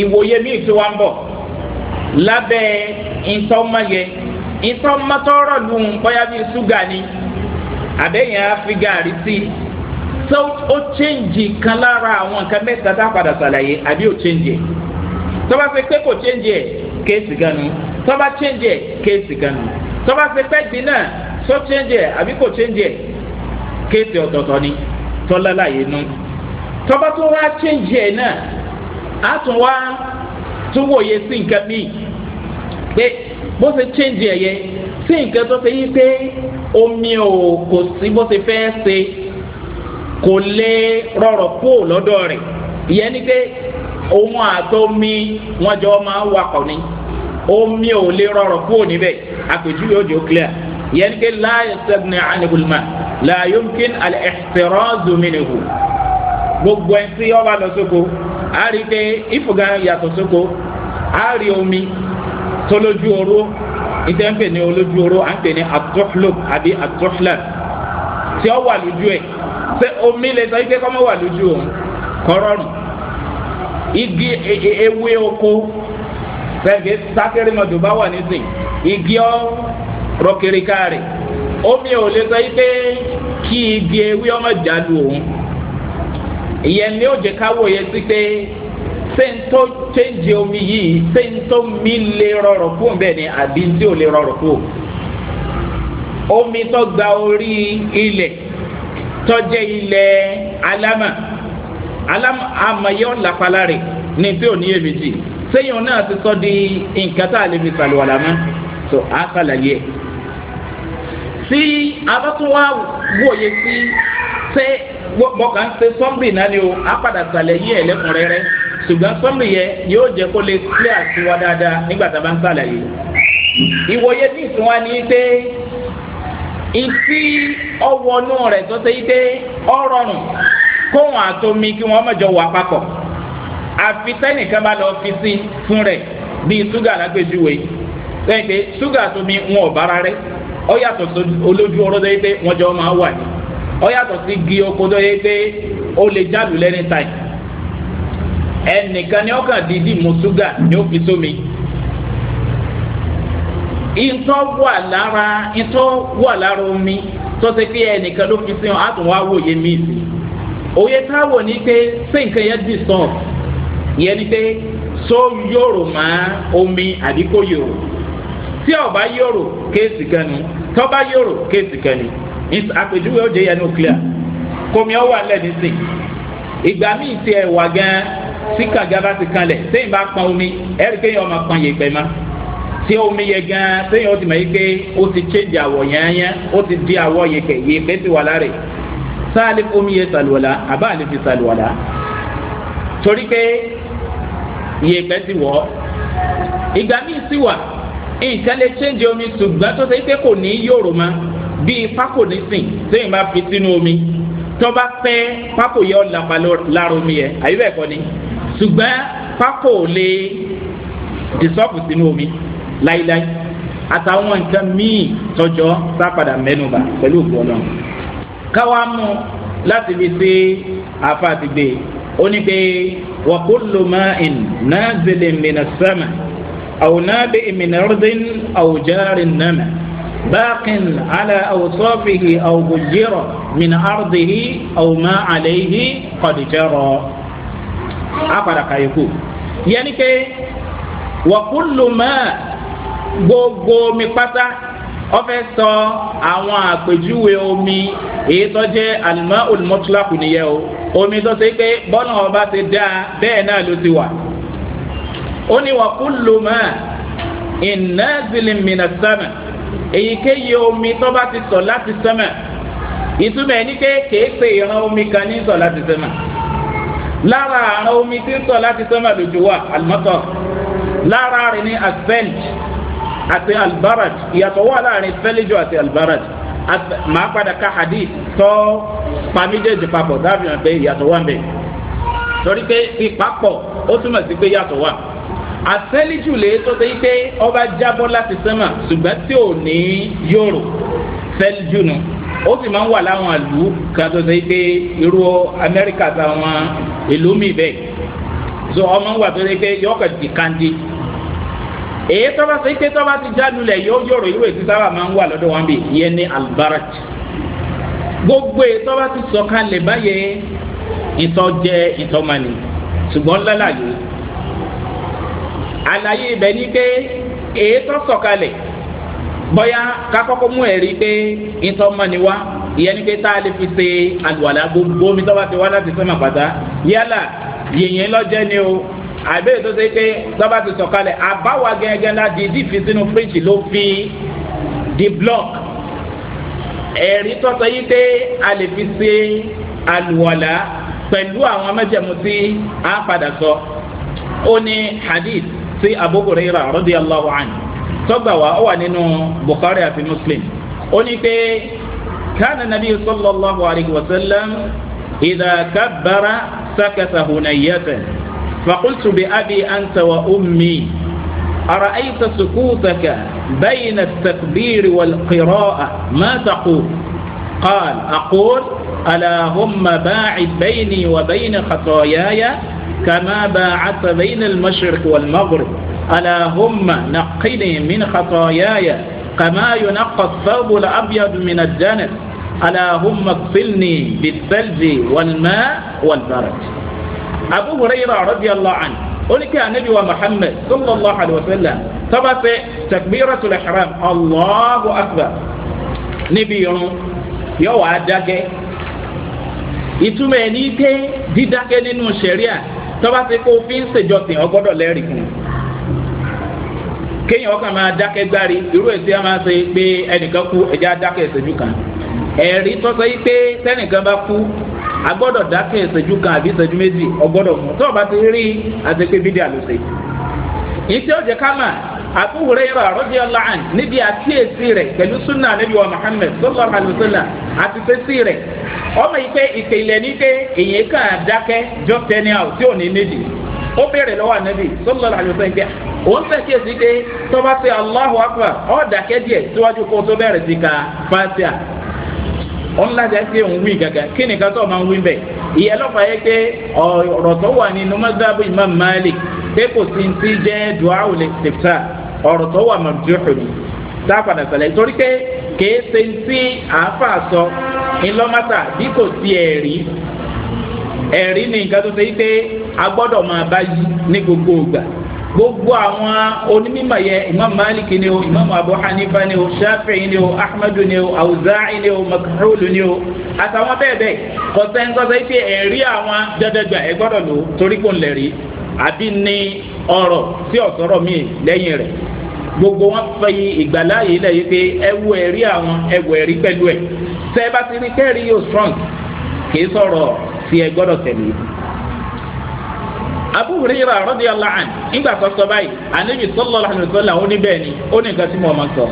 ìwòye mi ti wá ń bọ̀ lábẹ́ ìtọ́mọ yẹ ìtọ́mọ tọrọ lu bíi ṣúgà ni àbẹ́yẹn gàrí sí i sọ ó chẹ́ǹjì kan lára àwọn nǹkan mẹ́ta tá a padà ṣàlàyé àbí ó chẹ́ǹjì ẹ̀ tọ́ba pé kò chẹ́ǹjì ẹ̀ kéèsì tọ́ba chẹ́ǹjì ẹ̀ ni. tọ́lá láàyè nú tọ́ba tó wá change ẹ̀ náà á tún wá tún wòye sí nǹkan míì pé bó ṣe change ẹ̀ yẹ sí nǹkan tó ṣe yí pé omi ò kò sí bó ṣe fẹ́ ṣe kò lè rọrọ̀ pò lọ́dọ̀ rẹ̀ ìyẹn ni pé òun àtomi wọn jọ máa wakọ̀ ni omi ò lè rọrọ̀ pò níbẹ̀ àpèjúwe ó jò clear ìyẹn ni pé láyé sẹ́gun ní ànìkùlùmọ́ la yomkin al-ihtiraz minhu gbogbo ẹ̀ tí ọba lọ sóko a rí pé ìfúgà yàtọ̀ sóko a rí omi tó lójú oró ìtẹ́ ń pè ní olójú oró à ń pè ní atuhluk àbí atuhlak tí ó wà lójú ẹ̀ ṣé omi lè sọ ike kọ́mọ́ wà lójú òun kọ́rọ́rùn igi e, e, ewé oko igi ọ́ rọ̀kìrìkà rẹ̀ omi ò lè sọ yí pé kí igi ewé ọmọ jáde òun ìyẹn ni ó jẹ káwọ yẹn sí pé sẹ́ńtọ́ chẹ́ǹjì omi yìí sẹ́ńtọ́ mi lè rọrùn fún bẹ́ẹ̀ ni àbí tí ò lè rọrùn fún omi tó gba orí ilẹ̀ tọ́jẹ́ ilẹ̀ alámà alámà amayọ́ làpálá rẹ̀ ní tí ò ní èmi jì sẹ́yìn náà ti sọ di nǹkan tá a lè fi sàlùwàlà mọ́ so a sàlàyé ẹ̀. tí abátúwá wòye sí ṣé bọ́kà ń ṣe sọ́mbì náà ni o á padà sàlẹ̀ yí ẹ̀ ṣùgbọ́n sọ́mbì yẹn yóò jẹ́ kó lè clear àtiwá bá ń sàlàyé ìwòye ní ìsúnwá ni tó ṣe ọ rọrùn àtomi kí wọ́n mọ̀jọ wà papọ̀ àfi bá lọ fi sí fún bíi ṣúgà lágbèjúwe pé ọ yàtọ̀ sí olójú ọrọ́ dẹ́ pé wọ́n jọ máa wà ní ọ sí gi oko dẹ́ pé ó lè dị lẹ́ni táì ẹnìkan ni ọkàn dídì mu ni ó fi sómi ìtọ́ wà lára omi tó pé ẹnìkan ló fi sìn àtúnwá wòye mí sí òye táwọ̀ ni pé sí nǹkan yẹn dì sàn omi yòrò. tí ọba yòrò kéèsì kan ni tọba yòrò kéèsì kan ni àpèjúwe ọjọ yẹn nuclear kòmí ọwọ alẹ nísìn ìgbà míì tí ẹ wà gan tí kàga bá ti kalẹ sẹyìn bá pọn omi ẹrí kéèyàn ọmọ pọn yẹn pẹmọ tí omi yẹn gan sẹyìn ó ti mọ yìí pé ó ti change àwọ yẹn yẹn ó ti di àwọ yẹn kẹ yẹn pẹ ti wà lára ẹ sáàlì omi yẹn sàlùwàlà àbá àlè fi sàlùwàlà torí pé yẹn pẹ ti wọ ìgbà míì sì wà nǹkan lè change omi ṣùgbọ́n tó ṣe pé kò ní yòrò mọ́ bíi pákó nísìn sẹ́yìn bá fi sínú omi tọ́ba pẹ́ pákó yẹ ọ́ lápá lára omi yẹ àyè bẹ́ẹ̀ kọ́ ni ṣùgbọ́n pákó lè disọ́pù sínú omi láíláí àtàwọn nǹkan míì tọjọ́ sápadà mẹ́nuba pẹ̀lú òkú ọlọ́run káwá mú láti fi ṣe àfàtìgbè ó ní pé wàkúlùmọ́ ìn náà zèlè mìíràn sẹ́mẹ̀. أو نابئ من أرض أو جار النمى باق على أوصافه أو بجر من أرضه أو ما عليه قد جرى أقرأ كايكو يعني كي وكل ما gbogbo mi pátá ọfẹ sọ àwọn àpèjúwe omi èyí tó jẹ alimọ olùmọtúlákù nìyẹn o omi tó ṣe pé bọ́nà ọba ti dáa bẹ́ẹ̀ náà ló ti wà ó ní wà kúlù mọ́ iná zìlì mìíràn sẹ́mẹ̀ èyíkéyìí omi tó bá ti sọ láti sẹ́mẹ̀ ìtumọ̀ ẹni pé kéèpé ìran omi kan ní sọ láti sẹ́mẹ̀ lára àrùn omi tí ń sọ láti sẹ́mẹ̀ lójú wa àlùmọ́tọ̀ lára rẹ̀ ní asfẹ́lì àti albarad ìyàtọ̀ wà láàrin fẹ́lẹ́jọ àti albarad màá padà ka hadith tọ́ pàmíjèjì papọ̀ dábìyàn pé ìyàtọ̀ wà ń bẹ̀ torí pé ìpapọ̀ ó túmọ̀ sí pé ìyàtọ̀ wà àsẹ́líjù lè tó ṣe pé ọba jábọ́ láti sẹ́mà ṣùgbọ́n tí ò ní yòrò sẹ́líjù nù ó sì máa ń wà láwọn àlù kan tó ṣe pé irú amẹ́ríkà táwọn ìlú mi bẹ́ẹ̀ so ọmọ wà tó ṣe pé yọ ọkọ̀ ti kandi èyí tọ́ba ṣe pé tọ́ba ti jálulẹ̀ yóò yòrò irú èsì sábà máa ń wà lọ́dọ̀ wọn bí ìyẹn ní albarat gbogbo èyí tọ́ba ti sọ̀kalẹ̀ báyẹn ìtọ́jẹ ìtọ́mani ṣùgbọ́n lálàyé àlàyé ibẹ̀ ni pé èyí tó sọ̀kalẹ̀ bọ́yá kakọ́kọ́ mú ẹ̀rí pé ìtọ́ mọ́ni wá ìyẹn ni pé tá a lè fi ṣe àlùwàlà gbogbo omi tó ti wá láti sọ́mà pàtà yálà yìnyín lọ́jẹ́ ni o àbẹ́rẹ́ tó ṣe pé tó ti sọ̀kalẹ̀ àbáwá gẹ́gẹ́ la dìídì fi sínú fíríjì ló fi di block ẹ̀rí tó sọ yìí pé a lè fi ṣe àlùwàlà pẹ̀lú àwọn mẹ́jẹ̀mú tí a padà sọ ó ní hadith. sí abu huraira rọ́dí allahu an tọ́gbà wa ọ wà nínú bukhari àti muslim ó ní pé kánà nàbí sallallahu alayhi wa sallam ìdá kábàrà sákàtà hùnàyẹ́tẹ̀ fàkúntù bí abi anta wa ummi أرأيت سكوتك بين التكبير والقراءة ما تقول قال أقول ألا هم باعد بيني وبين خطاياي كما باعدت بين المشرق والمغرب اللهم نقني من خطاياي كما ينقى الثوب الأبيض من الدنس اللهم اغسلني بالثلج والماء والبرد أبو هريرة رضي الله عنه أولك النبي محمد صلى الله عليه وسلم طبعا تكبيرة الإحرام الله أكبر نبي yóò wá dákẹ́ ìtumọ̀ ẹ̀ ní tọ́ba ti kó fi ń ṣèjọsìn ọgbọ́dọ̀ lẹ́rìí fún un kéèyàn ọkàn máa dákẹ́ gbárí irú èsì á máa ṣe pé ẹnìkan kú ẹ̀jẹ̀ á dákẹ́ ìṣẹ́jú kan ẹ̀rí tọ́sọ yìí pé sẹ́nìkan bá kú agbọ́dọ̀ dákẹ́ ìṣẹ́jú kan àbí ìṣẹ́jú méjì ọgbọ́dọ̀ tọ́ba ti rí àti pé bídíà ló ṣe. yẹn rà rọ́jì níbi àkíyèsí rẹ̀ pẹ̀lú wa muhammed ọmọ ma pé ìpìlẹ̀ ní pé èyàn kàn dákẹ́ just tí ò ní méjì ó béèrè lọ́wọ́ ànábì sọ́dọ̀ aláhu akpa síwájú kó tó bẹ̀rẹ̀ sí ka fàṣíà òun lájà ń wí gàgà kí nìkan tó máa wí bẹ̀ ìyẹn lọ́fà yẹ pé tó wà nínú mọ́sáàbù imam malik ti duawu tó wà kèé ṣe ń tí àáfàá sọ ńlọ́mátà bí kò sí ẹ̀rí ẹ̀rí ni nǹkan tó ṣe yí pé a gbọ́dọ̀ máa bá yí gbogbo ògbà gbogbo àwọn onímọ̀ yẹ imam maliki ni o imam abu hanifa ni o shafi'i ni o ahmadu ni o awuza'i ni o makarolu ni o àtàwọn bẹ́ẹ̀ bẹ́ẹ̀ kọ́sẹ́ńkọ́sẹ́ yí pé ẹ̀rí àwọn dẹ́dẹ́gbà ẹ gbọ́dọ̀ lò torí kò ń lẹ̀rí àbí ní ọ̀rọ̀ tí mi gbogbo wọn fẹ́ ìgbàláyè lẹ̀ yìí pé ẹ wo ẹ̀rí àwọn ẹ wo ẹ̀rí pẹ̀lú ẹ̀ tẹ́ ẹ bá ti rí kẹ́rì yóò strong kì í sọ̀rọ̀ sí ẹ gbọ́dọ̀ tẹ̀lé. Abu Hurairah radiyallahu anhu nígbà tó sọ báyìí Ànábì sallallahu alaihi wasallam ó ní bẹ́ẹ̀ ni ó ní nǹkan tí mo máa ń sọ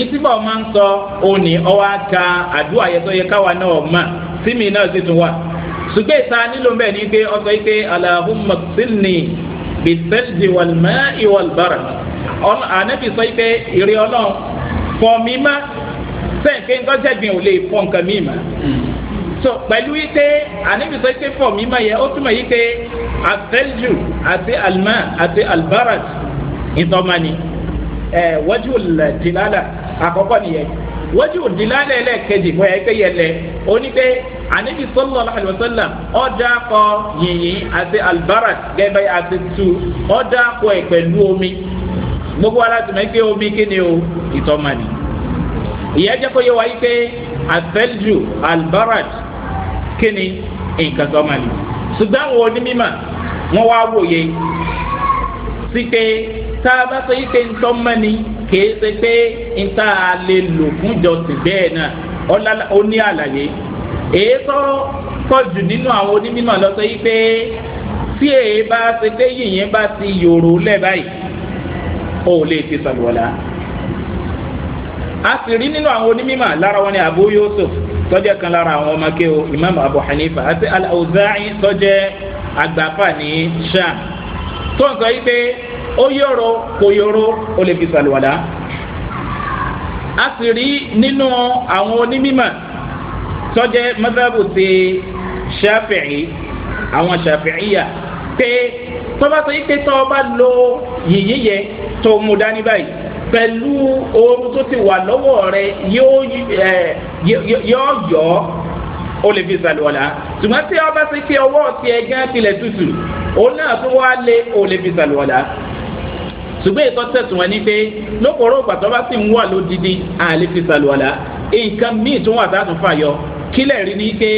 ìtí bá ọmọ ń sọ òní ọwọ́ aka àdúrà yẹtọ́ yẹ káwa náà mà sími náà sì tún wà ṣùgbọ́n ìta nílò bẹ́ẹ̀ ni pé ọ bitajdi walima iwalibara anabi sọ pé ìrì ọlọ́run fọ mi má sẹ́ǹkẹ́ ńgọ́sẹ̀gbìn ò lè fọ nǹkan mi má so pẹ̀lú wípé anabi sọ pé fọ mi má yẹ ó túmọ̀ yìí pé àfẹ́jù àti alimá àti alibara ìtọ́mani ẹ̀ wájú tìlálà àkọ́kọ́ nìyẹn wọ́jú òdìlálẹ̀ ẹlẹ́ẹ̀kejì fún ẹgbẹ́ yẹlẹ onígbẹ́ àníbi sọ́lọ́ aláìwọ̀sọ́là ọ̀dà kọ yìnyín àti albara gẹ́gẹ́ àti tu ọ̀dà kọ ẹ̀ pẹ̀lú omi gbogbo alátìmọ̀ ẹgbẹ́ omi kíni o ìtọ́mọ̀nì ìyá jẹ́ kó yẹ wá yí pé àtẹ́ljú albara kíni nǹkan tọ́mọ̀nì ṣùgbọ́n àwọn onímọ̀ wọ́n wá wòye sí pé tá a bá sọ yí pé ntọ́mọ̀nì kìí ṣe pé níta lè lò fún ìjọsìn bẹ́ẹ̀ náà ó ní àlàyé èyí tó pọ̀jù nínú àwọn onímọ̀ yi yìí pé tí èyí bá ṣe pé yìnyín bá ti yòrò lẹ̀ báyìí ó ti a sì rí nínú àwọn onímọ̀ lára wọn ni abu yusuf tọ́jẹ́ kan lára àwọn ọmọ imam abu hanifa àti al-awza'i tọ́jẹ́ àgbàfà ní sham tó ń ó yọ̀rọ̀ kò yọ̀rọ̀ ó lè fi sàlùwàlà a sì rí nínú àwọn onímọ̀ tọ́jẹ́ mọ́tàbù ti ṣàfẹ̀rí àwọn ṣàfẹ̀ríyà pé tọ́ba tó yípe tọ́ ọba lo yìnyín yẹ tó mú dání báyìí pẹ̀lú ooru tó ti wà lọ́wọ́ rẹ yóò yọ ó lè fi sàlùwàlà ṣùgbọ́n tí ọba ti fi ọwọ́ tiẹ̀ gán tilẹ̀ tútù òun náà tó wá lé ó lè fi sàlùwàlà ṣùgbọ́n ètò tẹ̀sùn wọn ni pé lóporó pàtó bá sì ń wà lódìdí àlè fi sàlùwàlà nǹkan míì tún wà táàtún fàyọ kílẹ̀ rí ni pé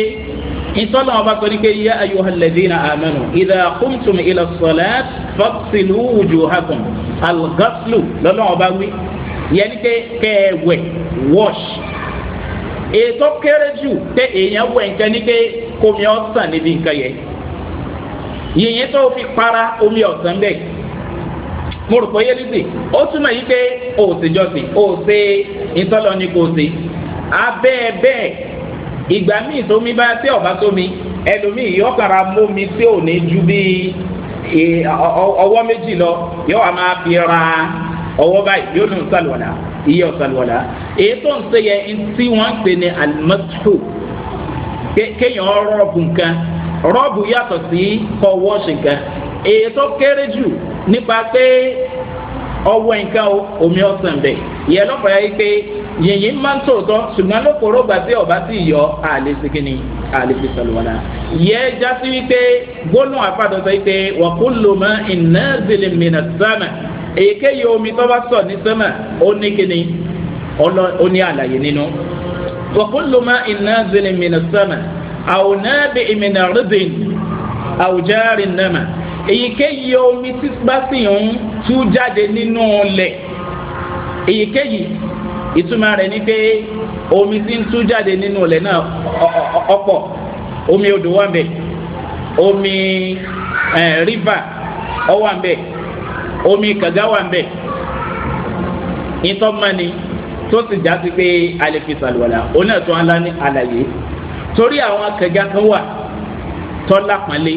ìtọ́lọ̀ ọba sọ ni pé yá ayò hàlẹ́dínà àmẹ́nu ìdá kúntùm ilẹ̀ sọ̀lẹ́ fọ́ksìlú ojú hakùn algaslu lọ́nà ọba wí yẹn pé kẹ́ẹ̀wẹ̀ wọ́ṣ ètò kéré jù pé èèyàn wẹ̀ nǹkan ni pé kòmí níbi nǹkan yẹn yìnyín tó fi para omi ọ̀sán bẹ́ẹ̀ mo rò pé yé lísì ó túmọ̀ yí pé o ò ṣe jọ́sìn o ò ṣe ìtọ́lọ ni kò ṣe abẹ́ bẹ́ẹ̀ ìgbà míì tó mi bá tẹ́ ọ̀bá tó mi ẹlòmíì yọ kàrà mú mi tí ò ní ju bíi ọwọ́ méjì lọ yọ wà máa fi ra ọwọ́ báyìí yóò nù sàlùwàlà iye ọ̀sàlùwàlà èyí tó ń ṣe yẹ tí wọ́n ń pè ní alimọ́tò kéèyàn rọ́ọ̀bù nǹkan rọ́ọ̀bù yàtọ̀ sí kọ́ wọ́ọ̀ṣì nǹkan èyí tó kéré jù nípa pé ọwọ́ nǹkan omi ọ̀sán bẹ̀ yẹ lọ́pàá yẹ pé yìnyín máa ń tòótọ́ ṣùgbọ́n lóporó gbà tí ọba ti yọ àlè sikini àlè fi sọlọ́wọ́lá yẹ jásí wípé gbónú àfàdọ́ sọ wípé wọ́n kú lomọ́ iná zèlè mìíràn sẹ́mẹ̀ èyíkéyìí omi tó bá sọ ní sẹ́mẹ̀ ó ní kíni ó ní àlàyé nínú wọ́n kú lomọ́ iná zèlè mìíràn sẹ́mẹ̀ àwòrán bíi ìmìnà rìbìn àwùjá rìn náà èyíkéyìí omi tí bá sì ń tú jáde nínú ilẹ̀ èyíkéyìí ìtumọ̀ rẹ̀ ni pé omi tí ń tú jáde nínú ilẹ̀ náà ọ̀pọ̀ omi odò wà mbẹ̀ omi rìvà ó wà omi kàga wà mbẹ̀ ìtọ́mọ́ni tó sì já sí pé alẹ́ fi sàlùwàlà òun náà tó ń lá ní àlàyé torí àwọn kàga kan wà tọ́lápọ̀nlé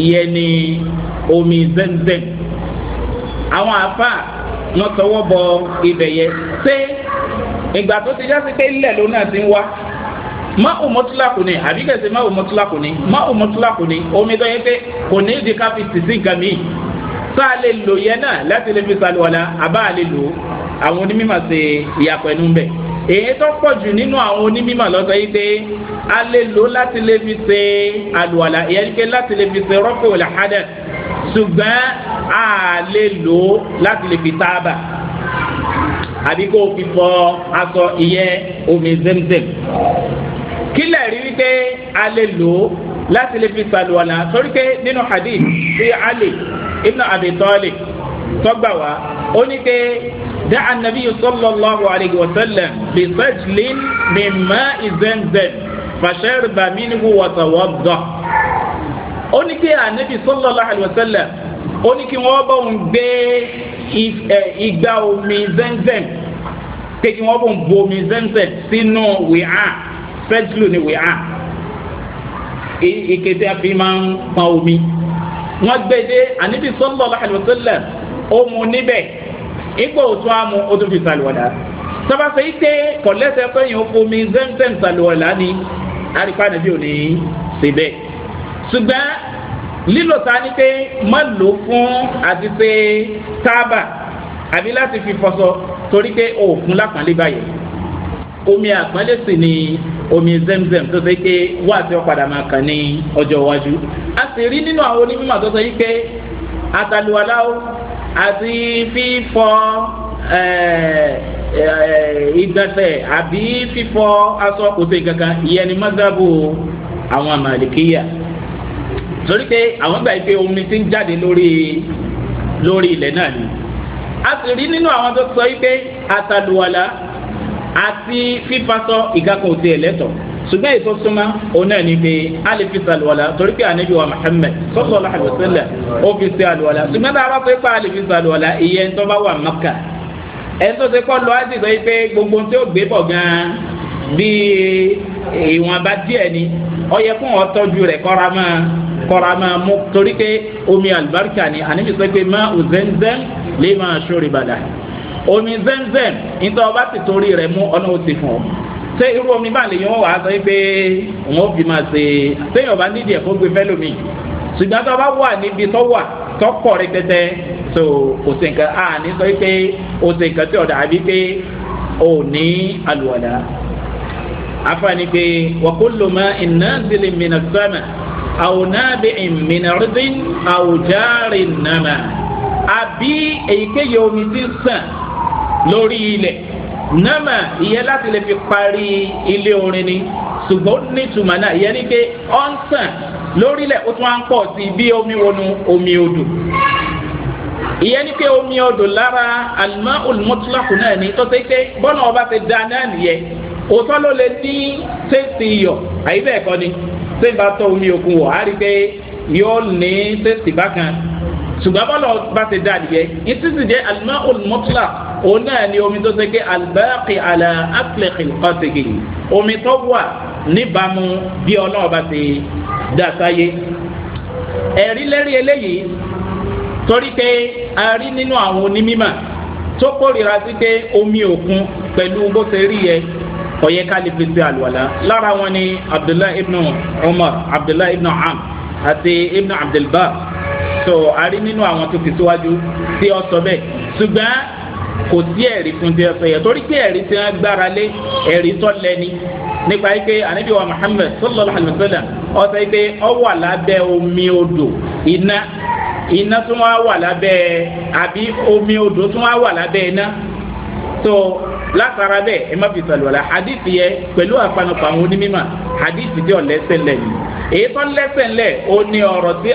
ìyẹn ni omi zẹ́nzẹ́n àwọn àfa wọn tọwọ́ bọ ibẹ̀ yẹn ṣé ìgbà tó ti jáde pé ilẹ̀ ló náà ti ń wá má òmòtúlà kò ní àbí kẹsì má òmòtúlà kò ní má òmòtúlà kò ní omi tó yẹ pé kò ní ìdí ká fi tìsí nǹkan mi tá a lè lò yẹn náà láti lè fi sàlùwàlà àbá a lè lò àwọn onímọ̀ ṣe ìyàpẹ̀nu bẹ́ẹ̀ èyí tó pọ̀ jù nínú àwọn onímọ̀ lọ́sọ̀ yìí pé a lè lò láti lè fi ṣe àlùwàlà ìyẹn pé láti lè fi ṣe rọ́pò làhádà ṣùgbọ́n a lè lò láti lè fi tábà àbí kó o fi fọ aṣọ ìyẹn omi zemzem kílẹ̀ rí wípé a lè lò láti lè fi ṣàlùwàlà torí pé nínú hadith sí ali ibn abi tọ́lì tọ́gbà wá ó ní pé. دعا النبي صلى الله عليه وسلم بسجل من ماء زمزم فشرب منه وتوضأ ó ní kí anabi sallallahu alaihi wasallam ó ní kí wọn bá òun gbé igbá omi zẹnzẹn pé kí wọn bá òun bu omi zẹnzẹn sínú wìhá fẹjìlú ni wìhá ìkẹtẹ àfi máa ń pọn omi wọn gbé dé anabi sallallahu alaihi wasallam ó mu níbẹ̀ ìgbà òtún àmú ó tún fi sàlùwàlà sábà sọ yìí pé kọ̀lẹ́sẹ̀ fẹ́yìn omi ni àríkà nàbí ò ní ṣe bẹ́ẹ̀ ṣùgbọ́n lílò ta ni pé má lò fún àti pé tábà àbí láti fi fọṣọ torí pé òògùn lápàlẹ́ báyìí omi àpọ́nlé sì ni omi zemzem tó ṣe pé wá àti ọ̀padà máa kàn ní ọjọ́ iwájú. a sì rí nínú àwọn onímọ̀ tó ṣe yí pé àtàlùwàlá o àti fífọ ìgbọ̀nsẹ̀ àbí fífọ aṣọ kò sí kankan ìyẹn ni mọ́sáàbù àwọn màlìkíyà torí pé àwọn gbà pé omi ti ń jáde lórí lórí ilẹ̀ náà ni a sì rí nínú àwọn tó sọ wípé àtàlùwàlà àti fífasọ ìgbà kan ò ṣùgbọ́n ìtọ́súnmọ́ òun náà ni pé a lè fi sàlùwàlà torí pé ànábi wa muhammed sọ́kọ̀ aláhàbò sẹ́lẹ̀ ó fi ṣe àlùwàlà ṣùgbọ́n tá a bá pé pa a lè fi sàlùwàlà ìyẹn tó bá wà mọ́kà ẹni tó ṣe kọ́ lọ á sì sọ pé gbogbo tí ó gbé bọ̀ gan-an bí ìwọ̀nba díẹ̀ ni ọ yẹ kó rẹ̀ kọ́ra máa kọ́ra máa mú torí pé omi àlùbáríkà ni ànábi sọ pé má zẹ́nzẹ́n lè máa ṣó ṣé irú omi bá lè yan wàá sọ pé wọn fi máa ṣe sẹ́yìn ọba nídìí ẹ̀fọ́ gbé fẹ́ lómi ṣùgbọ́n tó bá wà níbi tó wà tó kọ̀ rẹ tẹ́tẹ́ so kò nǹkan a ní sọ pé o nǹkan tí ọ̀dà àbí pé o ní àlùwàlà afaani pé wàkúlù mọ iná zìlì mìíràn sọmọ àwọn náà bí mìíràn rìndín àwùjáre nàmà àbí èyíkéyìí omi ti sàn lórí ilẹ̀. Nama ìyẹn láti lè fi parí ilé orin ni ṣùgbọ́n nítumọ̀ náà ìyẹn ni pé ọ̀ ń sàn lórílẹ̀ ó tún á ń pọ̀ sí bí omi wọnú omi odò ìyẹn ni pé omi odò lára àlùmọ́ olùmọ́tòlákù náà ni tó ṣe pé bọ́nà ọba ti da náà nìyẹn òótọ́ ló lè ní tẹ́sí iyọ̀ àyíbẹ̀ kọ́ ni tí n bá tọ́ omi òkun wọ̀ á rí i pé yóò ní tẹ́sí bákan ṣùgbọ́n bọ́nà ọba ti da nìyẹn ìtúsí jẹ́ àlùmọ́ olùmọ́tòlákù òun náà ni omi tó ṣe pé albaqi ala aklẹ̀kì kọ́sìkì omi tó wà níbàámu bí ọlọ́run bá ti dá sáyé ẹ̀rí lẹ́rí eléyìí torí pé a rí nínú àwọn onímọ̀ tó kórìíra sí pé omi òkun pẹ̀lú bó ṣe rí yẹ ọ̀yẹ́ ká lè fi ṣe àlùwàlá lára wọn ni abdullahi ibn umar abdullahi ibn am àti ibn abdulbar so a rí nínú àwọn tó ti síwájú tí ọ bẹ́ẹ̀ ṣùgbọ́n. kò sí ẹ̀rí fún ti ẹsẹ̀ yẹn torí pé ẹ̀rí ti ń gbára lé ẹ̀rí tó lẹ́ni nípa ike anabi wa muhammed sallallahu wa sallam ọ̀sẹ̀ ike omi odò iná iná tún wá wà lábẹ́ omi odò tún wá wà lábẹ́ iná tó látara bẹ́ẹ̀ ẹ má fi sàlùwàlà hadith yẹ pẹ̀lú àfanupọ̀ àwọn onímọ̀ hadith tí ò lẹ́sẹ̀ lẹ́yìn èyítọ́ lẹ́sẹ̀lẹ̀ ó ní ọ̀rọ̀ sí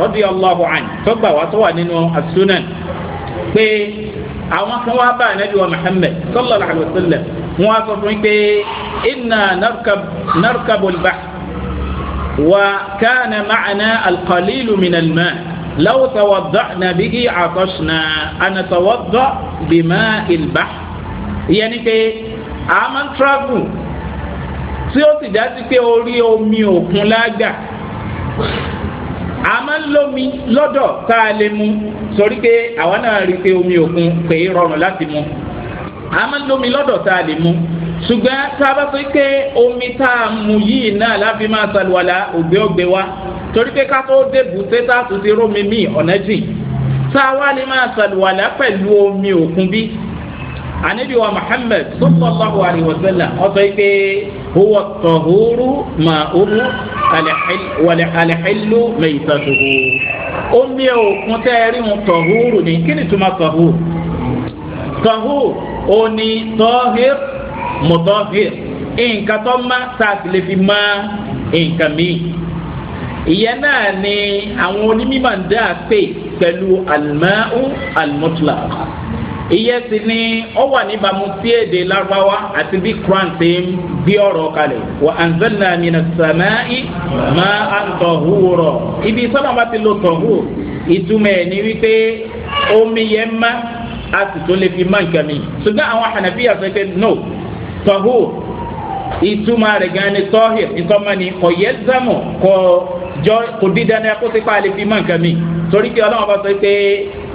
rọ́bì tó gbà àwọn kan wá bá anabi wa muhammed sallallahu alayhi wa sallam wọn wá sọ fún mi pé inna narkabu albaḥ wa kana macna alqalilu min alma law tawadacna bihi catashna ana tawadac bimaa'i albaḥ ìyẹn pé a travel tí ó sì dá sí pé orí omi òkun lágbà a máa ń lómi lọ́dọ̀ tá a lè mu sọrí pé àwa náà rí i pé omi òkun pè é rọrùn láti mu a máa ń lómi lọ́dọ̀ tá a lè mu ṣùgbọ́n tá a bá sọ pé omi tá a mu yìí náà láfi máa ṣàlùwàlà ògbé ògbé wa torí pé ká tó débù sétà tó ti rómi míì ọ̀nà jìn tá a wá lè máa ṣàlùwàlà pẹ̀lú omi òkun bíi anabi wa muhammed sallallahu alayhi wa sallam ọsọ ike huwa tọhuru ma'umu alḥilu meitatuhu omi òkun tẹ́ ẹ rí wọn tọhuru ni kí ni tuma tọhuru tọhuru oni tọhir mọtọhir nǹkan tó má sáàtì lè fi má nǹkan mi ìyẹn náà ni àwọn onímọ̀ ń dá pé pẹ̀lú alimau alimutula ìyẹn sì ni ó wà níbàámu sí èdè lárúbáwá àti bí quran ṣe ń gbé ọ̀rọ̀ kalẹ̀ wà anzalna mina sàmáì má a tọ̀húrọ̀ ibi sábà ti lo tọ̀húr ìtumọ̀ ẹ̀ ni wípé omi yẹn má a sì tó lè fi má nǹkan ṣùgbọ́n àwọn hànàfíà sọ pé no tọ̀húr ìtumọ̀ rẹ̀ gan ni tọ́hìr ìtọ́mọ́ni kò yẹ zámọ̀ kò jọ kò dídá ní akóso pa àlefi má nǹkan torí pé ọlọ́run bá sọ pé.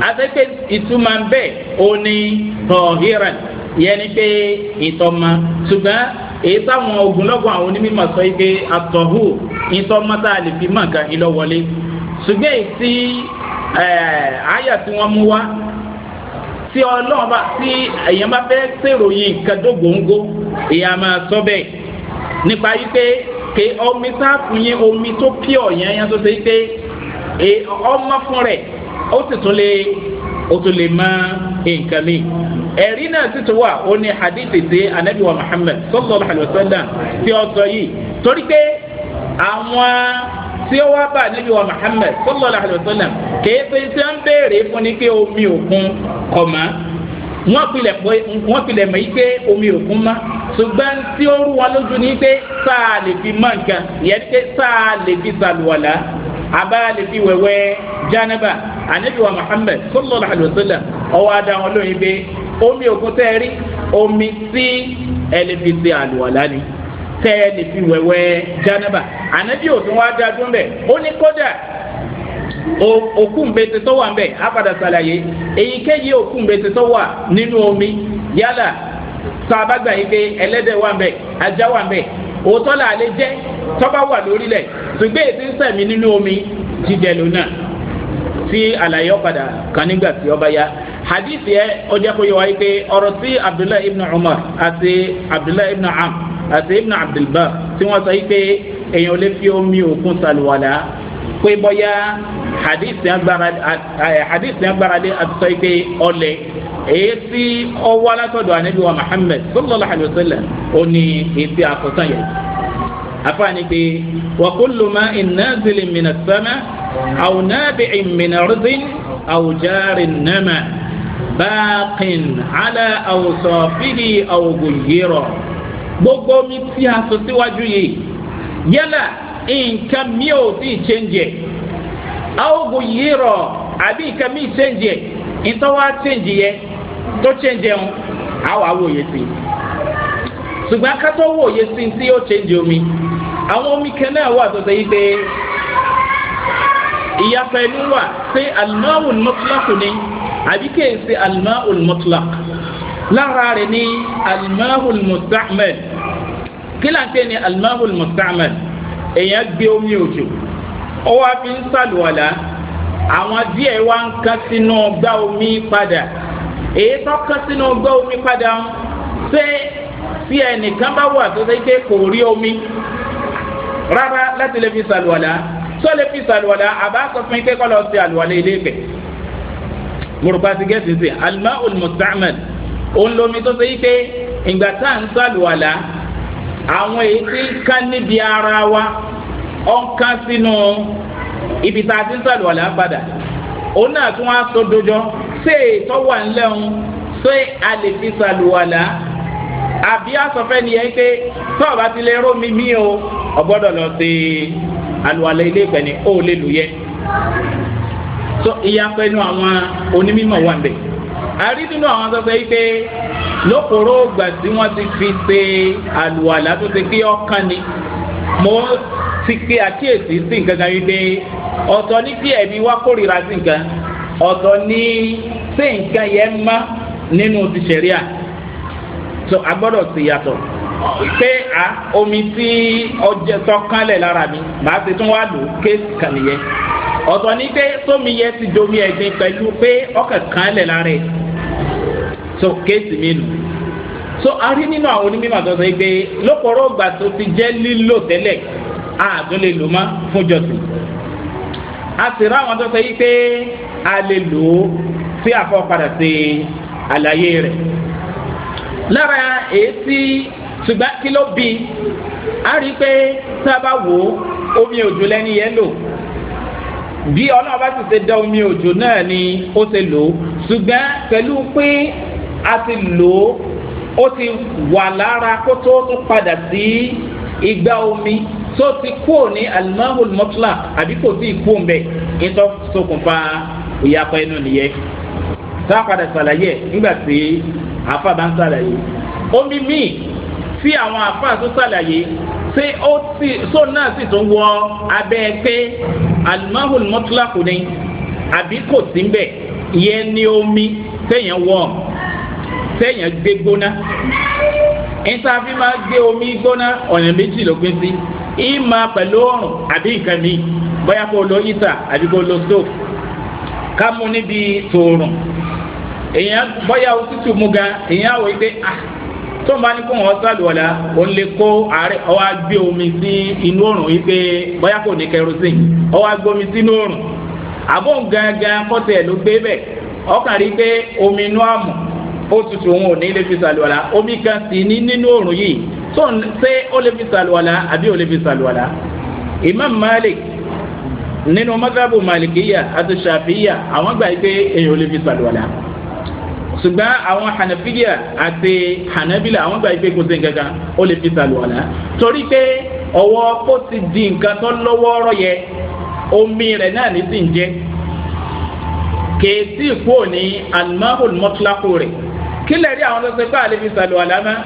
Asa ipe ịtụ ma bẹ, onye ọ ịrahari, ya na ipe ịtọ ma. Sụgbọna, eyi ta mụrụ ogologo ọ n'ime sọ ipe, atọ bụ ịtọ ma ta alife, ịma ka ịlọ wọlị. Sụgbọna i Aya ti ọ mụrụ wa, ti ọ lọrụ ba, ti ya ma fe se ronyi ka dogbo ngo, ya ma sọ bẹ, na ikpe ya ipe, ke ọmi saa kunye omi tụpịọ ya ya ya ọsọ ipe. ó sì tún lè ó tún lè mọ nǹkan mi ẹ̀rí náà sì tún wà ó ní hadithi sí anabi wa muhammed sallallahu alayhi wa sallam tí ó sọ yìí torí pé àwọn tí ó wá bá anabi wa muhammed sallallahu alayhi wa sallam kèé pé tí wọ́n béèrè fún ni pé omi òkun kọ̀ mọ́ wọ́n pilẹ̀ pé wọ́n pilẹ̀ mọ̀ yí pé omi òkun mọ́ ṣùgbọ́n tí ó rú wọn lójú ni pé sáà lè fi mọ nǹkan yẹn pé sáà lè fi sàlùwàlà àbá lè fi wẹ̀wẹ̀ jánábà anabi wa muhammed sallallahu alayhi wa sallam ọwọ́ adá wọn lóyún pé omi òkú tẹ́ ẹ rí omi tí ẹni fi ṣe àlùwàlá ni tẹ́ ẹni fi wẹ̀wẹ́ jánaba anabi ò tún wá dá dún bẹ́ẹ̀ ó ní kódà òkú nbẹ̀tẹ̀ tó wà nbẹ̀ á padà ṣàlàyé èyíkéyìí òkú nbẹ̀tẹ̀ tó wà nínú omi yálà sábàgbà yìí pé ẹlẹ́dẹ̀ wà nbẹ̀ ajá wà nbẹ̀ òótọ́ là á jẹ́ tọ́ba wà lórílẹ̀ ṣùgbọ́n ètò ń sẹ̀mí nínú omi jíjẹ lónà tí àlàyé ọ̀padà kan nígbà tí ọba ya hadith yẹ ọjọ́ kó yẹ wáyé pé ọ̀rọ̀ tí abdullahi ibn umar àti abdullahi ibn am àti ibn abdulbar tí wọ́n sọ yìí pé èèyàn lè fi omi òkun sàlùwàlà pé bọ́yá hadith yẹn gbára eh, hadith yẹn gbára lé àtúntò yìí pé ọlẹ̀ èyí tí ọwọ́ alátọ̀dọ̀ ànábi wa muhammed sallallahu alayhi wa sallam ó ní èsì àkọsán yẹn afaani pé wàkúlùmá ìnáàzìlì mìnà sẹ́mẹ́. أو نابع من أرض أو جار نمى باق على أوصافه أو غيره gbogbo mi tí a sọ síwájú yìí yálà nǹkan mi ò tí ì ṣẹ́ǹjẹ̀ àwògùn yìí rọ̀ àbí nǹkan mi ṣẹ́ǹjẹ̀ ìtọ́wá ṣẹ́ǹjẹ̀ yẹ tó ṣẹ́ǹjẹ̀ ń àwọ̀ àwòye sí i ṣùgbọ́n akátọ́ wòye sí i tí ó ṣẹ́ǹjẹ̀ omi àwọn omi kan náà wà tó ṣe pé ìyapa ẹni wà pé alimahu mutlaq ni àbí kèé ṣe alimahu mutlaq lára rẹ̀ ni alimahu musta'mal kí là ń pè ní alimahu musta'mal èèyàn gbé omi òjò ó wá fi ń sàlùwàlà àwọn díẹ̀ wá ń kán sínú gbá omi padà èyí tó kán sínú gbá omi padà ṣé tí ẹnìkan bá wà tó ṣe kò rí omi rárá láti lè fi sàlùwàlà sọlẹ fi sàlùwàlà àbá sọ fún ike kọlọ sí àlùwàlà ilé ìfẹ mùrùkàtí gẹ̀ẹ́sì sí alimá olùmùsàmẹ́d òun lomi tó ṣe ike ìgbà tá à ń sàlùwàlà àwọn èyí tí ká níbi ara wa ọ̀ ń ká sínú ibi tá a ti ń sàlùwàlà padà òun náà tún wá sọ dojọ́ ṣé ètò wà ńlẹ̀ ń ṣé a lè fi sàlùwàlà àbí àsọfẹ́ nìyẹn pé tọ́ọ̀bá ti lè rómi mí o ọ̀gbọ́dọ̀ lọ sí i àlùwàlá ilé ìfẹ́ ni ó lè lù yẹ. so ìyapẹ́ nu àwọn onímọ̀ wà bẹ̀. àrí nínú àwọn sọ pé pé lókòrò ògbà tí wọ́n ti fi ṣe àlùwàlá tó ti pé ọ̀kan ni mo ti pe àkíyèsí sí nǹkan kan wípé ọ̀tọ̀ ní kí ẹ̀mí wá kórìíra sí nǹkan ọ̀tọ̀ ní sí nǹkan yẹn má nínú ti ṣẹ̀ríà so agbọ́dọ̀ sí yàtọ̀ pé a omi tí ọjẹ tọkànlẹ̀ lára mi màá ti tún wá lò kéésì kan nìyẹn ọ̀tọ̀ ni pé tómi yẹn ti domi ẹ̀gbin pẹ̀lú pé ọkàn kanlẹ̀ lára ẹ̀ so kéésì mi lò so a rí nínú àwọn onímọ̀ tó sọ pé lọ́pọ̀rọ̀ ọgbà tó ti jẹ́ lílò tẹ́lẹ̀ àádọ́ lè lò mọ́ fún jọ̀sìn a sì rá àwọn tó sọ pé a lè lò ó sí àfọ̀padà sí àlàyé rẹ̀ lára èyí tí ṣùgbọ́n kí ló bí a rí i pé tá a bá wò ó omi òjò lẹ́ni yẹn lò bí ọlọ́run bá sì ṣe dá omi òjò náà ni ó ṣe lò ó ṣùgbọ́n pẹ̀lú pé a ti lò ó ó ti wà lára kó tó tún padà sí ìgbà omi tó ti kúò ní alimahul mọ́tòlá àbí kò sí ìkú mbẹ́ ìtọ́ ṣokùnfà ìyapa ẹnu nìyẹn tá a padà ṣàlàyé nígbà tí àfa bá ń ṣàlàyé omi míì tí àwọn àfáà tó ṣàlàyé ṣé ó sì só náà sì tún wọ abẹ́ pé alimahul mọ́tòlákù ni àbí kò sí ń bẹ̀ yẹn ní omi téèyàn wọ̀ téèyàn gbé gbóná ìtàfi máa gbé omi gbóná ọ̀nà méjì ló pín sí ìmọ̀ pẹ̀lú ọ̀rùn àbí nǹkan mi bóyá kó lo ìta àbí kó lo stove ká mú níbi tòòrùn èèyàn bóyá òtútù mú gan èèyàn àwọ̀ yìí ah tó ń bá ní kó wọn sàlùwàlà òun lè kó àárẹ̀ ọwọ́ agbé omi sí inú òrùn yìí pé bóyá kò ní kerosene ọwọ́ agbé omi sínú òrùn àbọ̀ gangan kọ́tẹ̀ ló gbé bẹ̀ ọkàn rí pé omi inú àmù ó tutù òun ò ní lè fi sàlùwàlà omi kan sì ní nínú òrùn yìí tó ń ṣe ó lè fi sàlùwàlà àbí ò lè fi sàlùwàlà imam malik nínú mọ́tàbù malikiya àti shafiya àwọn gbà yìí pé èèyàn ò lè fi sàlùwàlà ṣùgbọ́n àwọn hanafiya ati hanabila àwọn gbà pé kò sí nǹkan kan ó lè fi sàlùwàlà torí pé ọwọ́ kó ti di nǹkan tó lọ́wọ́rọ́ yẹ omi rẹ̀ náà ní sì ń jẹ́ kèésì kúò ní alimahul mọ́tìlákù rẹ̀ kílẹ̀ rí àwọn tó ṣe pé àlè fi sàlùwàlà mọ́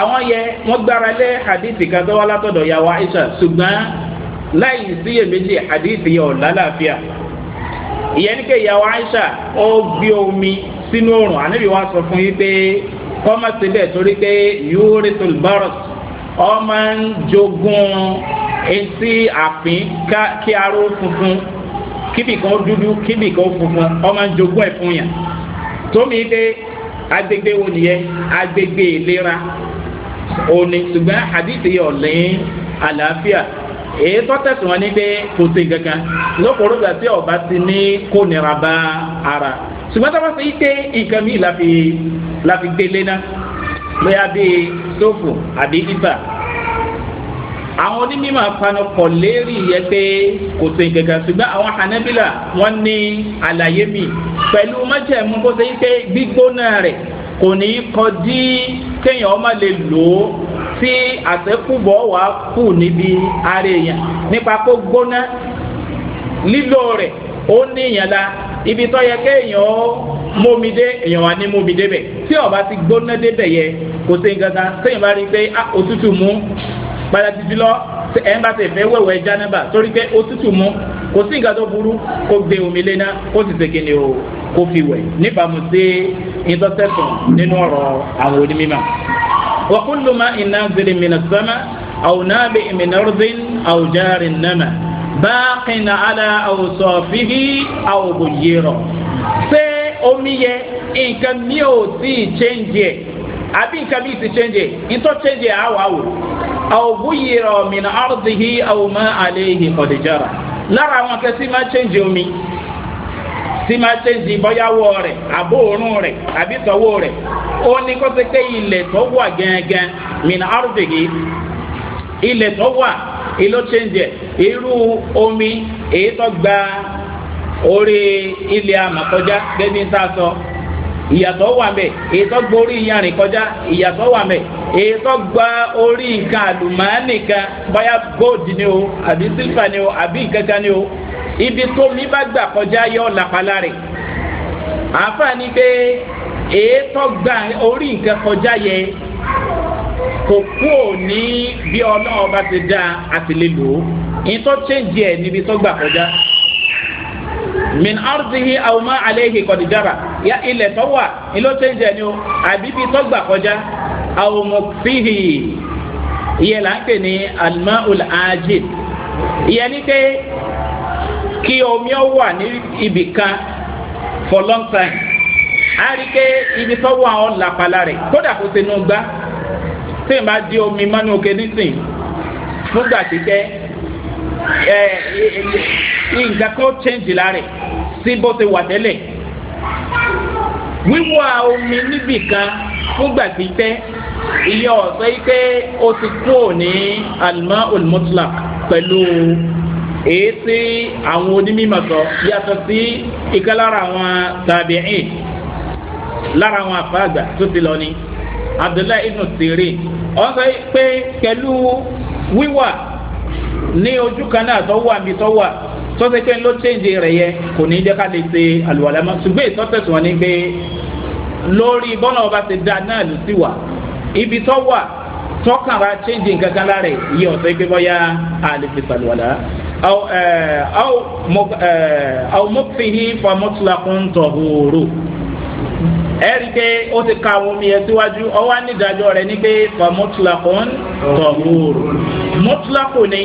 àwọn yẹ wọ́n gbára lé hadithi kan tó wá látọ̀dọ̀ yàwó aisha ṣùgbọ́n láì hadithi yẹ ọ̀ lálàáfíà ìyẹn ní kẹ́ yàwó ó gbé omi sínú oòrùn ànábì wa sọ fún yín pé kọ́mọ síbẹ̀ torí pé yúrí tolbaros ọmọ ń jogún etí àpín kí aró funfun kíbì kan dúdú kíbì kan funfun ọmọ ń jogún ẹ̀ fún yàn tómi pé agbègbè wo nìyẹn agbègbè ìlera òní ṣùgbọ́n àdìsí ọ̀lẹ́yìn àlàáfíà èyí tó tẹ̀sán wọn ni pé kò sí gangan lókòrò gbà tí ọba ti ní kó nira bá ara ṣùgbọ́n tó bá ṣe pé nǹkan míì láfi láfi gbélé ná lóyá bíi sófù àbí bíbà àwọn onímọ̀ apanukọ̀ lérí yẹ pé kò sí gẹ́gẹ́ ṣùgbọ́n àwọn hanabila wọ́n ní àlàyé mi pẹ̀lú májẹ̀mú kó ṣe pé gbígbóná rẹ̀ kò ní kọjí kéèyàn ọmọ lè lò ó tí àtẹkùbọ̀ wà kù níbi ara èèyàn nípa kó gbóná lílo rẹ̀ ó ní ìyànlá ibi tó yẹ kéèyàn ó mómi dé èèyàn wà ní mómi débẹ̀ tí ọba ti gbóná débẹ̀ yẹ kò sí gangan sẹ́yìn bá rí i pé ah, òtútù mú padà títí lọ ẹ̀ ń bá tẹ̀ fẹ́ wẹ̀wẹ̀ jánẹ́bà torí pé òtútù mú kò sí nǹkan tó burú kó gbé omi léná kó sì ṣe kíni o kó fi wẹ̀ níbàámu sí ìtọ́sẹ̀sùn nínú ọ̀rọ̀ àwọn onímọ̀. wàkúndùmá iná zèlè mìíràn sọ́mà àwùnáàbẹ̀ ìmìnàrúdín àwùjáàrin báàkìn àlà àwòsànfìhì àwòbòyèrò ṣé omi yẹ nǹkan mi ò tí ì change ẹ̀ àbí nǹkan mi ti change ẹ̀ ìtọ́ change ẹ̀ àwọ̀ àwò àwòbòyèrò min ardihi àwòmọ́ àléhì ọ̀dẹ̀jára lára àwọn akẹ́sí máa change omi tí máa change bọ́yáwó rẹ̀ àbó òórùn rẹ̀ àbí tọ́wó rẹ̀ ó ní kó ṣe pé ilẹ̀ tó wà gẹ́gẹ́ irú omi èyí tó gba orí ilẹ̀ àmàkọjá gẹ́gẹ́ ní sásọ ìyàtọ̀ wà mẹ́ èyí tó gba orí iyanrìn kọjá ìyàtọ̀ wà mẹ́ èyí tó gba orí gold ni o àbí silver ni o àbí nǹkan kan ni o ibi tó mi bá gbà kọjá yọ làpàlà rẹ̀ àǹfààní pé èyí tó gba orí nǹkan kọjá yẹ kò kúò ní bí ọlọ́run bá ti dá àti lè lò ó ìtọ́ chéǹjì ẹ̀ níbi tó gbà kọjá min ardihi aw ma alayhi qad ya ilẹ̀ tó wà ilé chéǹjì ẹ̀ ni o àbíbi tó gbà kọjá aw mukfihi ìyẹn là ń pè ní almaul ajib ìyẹn ni pé kí omi ọ wà ní ibì kan for long time a rí i pé ibi tó wà ọ làpàlà rẹ̀ kódà kó sinú gbá tí n bá di omi mọ́nú òkè nísìn fúgbà tí kẹ́ ẹ nǹkan kan change lára sí bó ti wà tẹ́lẹ̀ wíwá omi níbì kan fúgbà tí kẹ́ iye ọ̀sẹ̀ yìí pé o ti kúrò ní alima olmutlak pẹ̀lú èyí tí àwọn onímọ̀ sọ yàtọ̀ sí ìkẹ́ lára àwọn tàbíìn lára àwọn àfáàgbà tó ti lọ ni abdullahi ibn sirin ọ sọ pé pẹ̀lú wíwà ní ojú kan náà tó wà mí tó wà tó ṣe pé ló change rẹ̀ yẹ kò ní jẹ́ ká lè ṣe àlùwàlá mọ́ ṣùgbọ́n ìtọ́tẹ̀sùn wọn ni pé lórí bọ́nà ọba ti da náà ló sì wà ibi tó wà tọkàn ra change nǹkan kan lára ẹ̀ ọ̀sẹ̀ pé bọ́yá àlè fi ṣàlùwàlá aw mọ̀fihi fọmọ́tìlákùn tọ̀hóró ẹ̀rí pé ó ti ka àwọn omi yẹn síwájú ọwọ́ nídàájọ́ rẹ̀ ní pé fa mutlaqun tahur mutlaqun ni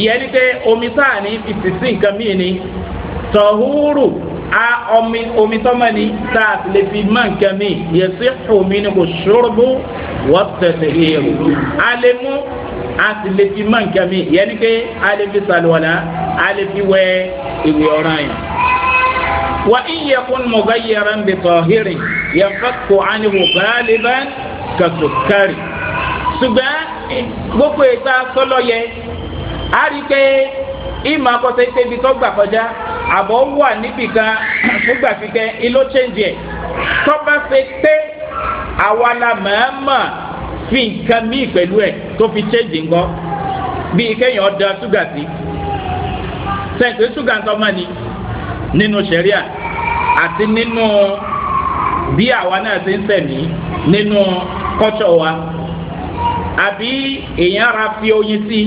ìyẹn ni pé omi sáà ní fifty six nǹkan míì ni tahuru a omi omi tọ́mọ ni tá a ti lè fi mọ nǹkan míì yẹ sí omi ni kò ṣòrobo wọ́n tẹ̀sẹ̀ a lè mú a sì lè fi mọ nǹkan míì ìyẹn ni pé a lè fi sàlùwàlà a lè fi wẹ ìwé ọ̀ràn yẹn. وإن يكن مغيرا بطاهر ينفك عنه غالبا كالسكر ṣùgbọ́n gbogbo ìta sọlọ yẹ a rí i pé ìmọ̀ akọ́sẹ́ tẹ́bi tó gbà kọjá àbọ̀ wà níbì kan fúgbà fífẹ́ iló chẹ́ǹjì ẹ̀ tọ́ba fẹ́ pé àwa la mọ̀ọ́mọ̀ fi nǹkan míì pẹ̀lú ẹ̀ tó fi chẹ́ǹjì ńkọ́ bíi kéèyàn da ṣúgà sí sẹ́ǹtì ṣúgà ń mọ́ ni nínú sẹ̀ríà àti nínú bí àwa náà ti ń sẹ̀mí nínú kọ́tsọ̀ wa àbí èèyàn ara fi oyin sí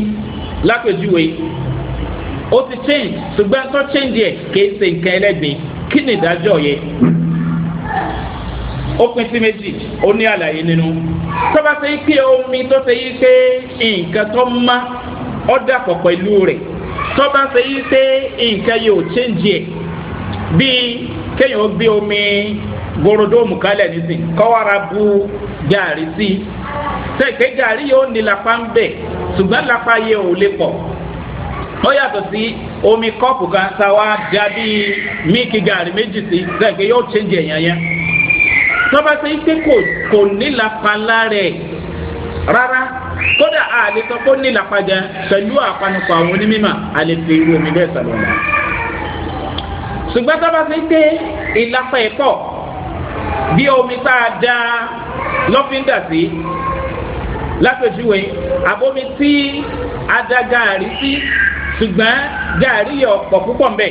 lápèjúwe ó ti change ṣùgbọ́n tó change yẹ kìí ṣe nǹkan ẹlẹ́gbin kí ni ìdájọ́ yẹ ó pin sí méjì ó ní àlàyé nínú tó bá ṣe pé omi tó ṣe yí pé nǹkan tó má ọ́ dàpọ̀ pẹ̀lú rẹ̀ tó ṣe yí pé nǹkan yóò change yẹ bíi kéèyàn ó gbé omi gorodomu kalẹ̀ nísìn kọ́wara bu gaari sí i sẹ́ẹ̀kẹ́ gaari yóò ní lapa ń bẹ̀ ṣùgbọ́n lapa yẹ ò lè pọ̀ ó yàtọ̀ sí omi kọ́ọ̀pù kan tá a wá da bíi míìkì gaari méjì sí sẹ́ẹ̀kẹ́ yóò ṣe jẹ̀ yẹn yẹn tọ́ba ṣe pé kò kò ní lapa lára ẹ̀ rárá kódà àlè sọ pé ó ní lapa gan pẹ̀lú àpanupọ̀ àwọn onímọ̀ àlè fi irú omi bẹ́ẹ̀ sàlọ̀ náà ṣùgbọ́n sábà ṣe pé ìlàpẹ̀ ẹ̀kọ́ bí omi tá a da lọ́fíńdà sí lápèjúwe àbomi tí a da gaari sí ṣùgbọ́n gaari yọ ọ̀pọ̀ púpọ̀ mbẹ́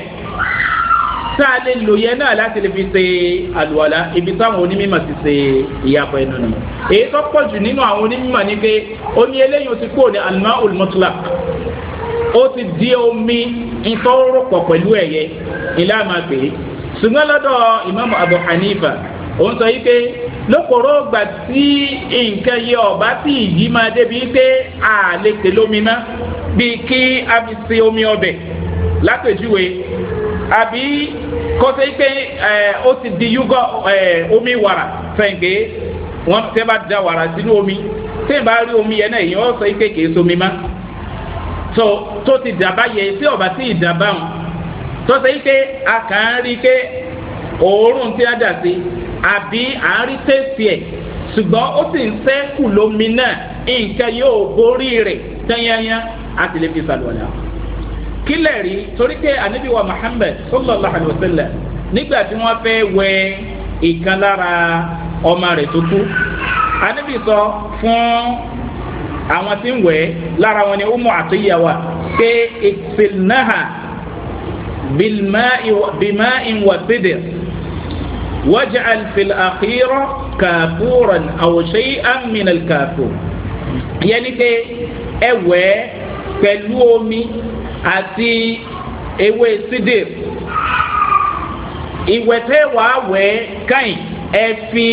tá a lè lò yẹn náà láti lè fi ṣe àlùwàlà ibi táwọn onímọ̀ ti ṣe ìyàpọ̀ ẹnu nù èyí tó pọ̀ jù nínú àwọn onímọ̀ ni pé omi eléyìí ti kúrò ní alimá olùmọ̀tòlá ó ti di omi ìtọ́rọ̀pọ̀ pẹ̀lú ẹ̀yẹ ìlànà pé ṣùgbọ́n lọ́dọ̀ imam abu hanifa òun sọ yìí pé lókòrò ọgbà tí nǹkan yẹ ọba tí ìyí máa débi pé a lè tè lómi ná bí kí a fi se omi ọbẹ̀ lápèjúwe àbí kọ́sẹ́ pé ó ti di yúgọ́ omi wàrà fẹ̀ǹgẹ́ wọ́n tẹ́ bá da wàrà sínú omi tẹ́ bá rí omi yẹn náà èyí wọ́n sọ pé kì í somi má so tó ti dàbá yẹ tí ọba tí ìdàbá wọn tó ṣe yí pé a kàn ń rí i pé òórùn tí a dà sí àbí à ń rí tẹ́sí ẹ̀ ṣùgbọ́n ó sì ń sẹ́kù lómi náà nǹkan yóò borí rẹ̀ tẹ́yẹ́yẹ́ a sì lè fi sàlùwàlà. kílẹ̀ rí torí pé ànábì muhammed sallallahu alayhi wa sallam nígbà tí wọ́n fẹ́ wẹ ìkan lára ọmọ rẹ̀ tó kú ànábì sọ fún àwọn tí ń wẹ̀ lára wọn ni umu àtúnyà wa pé ìsìnnáhà bìmá ìwà sídìr wájà àlfil àkírọ̀ kàfúràn àwòṣe àmìnà kàfúr. yẹn ni pé ẹ wẹ̀ pẹ̀lú omi àti ewé sídìr ìwẹ̀tẹ̀ wàá wẹ̀ káyìn ẹ fi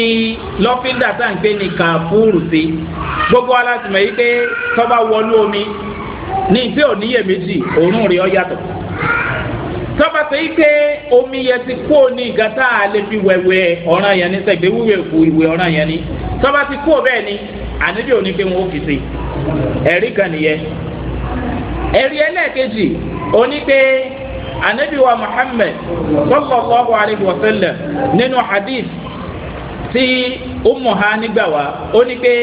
lọ́fíńdà tá à ń gbé ní kàfúrù sí gbogbo alásìmọ̀ yìí pé tọ́ba wọnú omi ní ìpè òníyèméjì òórùn rẹ̀ ọ yàtọ̀ tọ́ba tó yí pé omi yẹn ti kó ní ìgbà tá a lè fi wẹ̀wẹ̀ ọ̀ràn yẹn ní sẹ́gbẹ́ wíwẹ̀ fún ìwẹ̀ ọ̀ràn yẹn ní tọ́ba ti kó bẹ́ẹ̀ ni àníbi òní pé wọn ò fi se ẹ̀rí kan nìyẹn ẹ̀rí ẹlẹ́ẹ̀kejì òní pé àníbi wa muhammed sọ́kọ̀ọ́kọ́ wa aleyhi wa sẹ́lẹ̀ nínú hadith tí umu hani gbà wá ó ní pé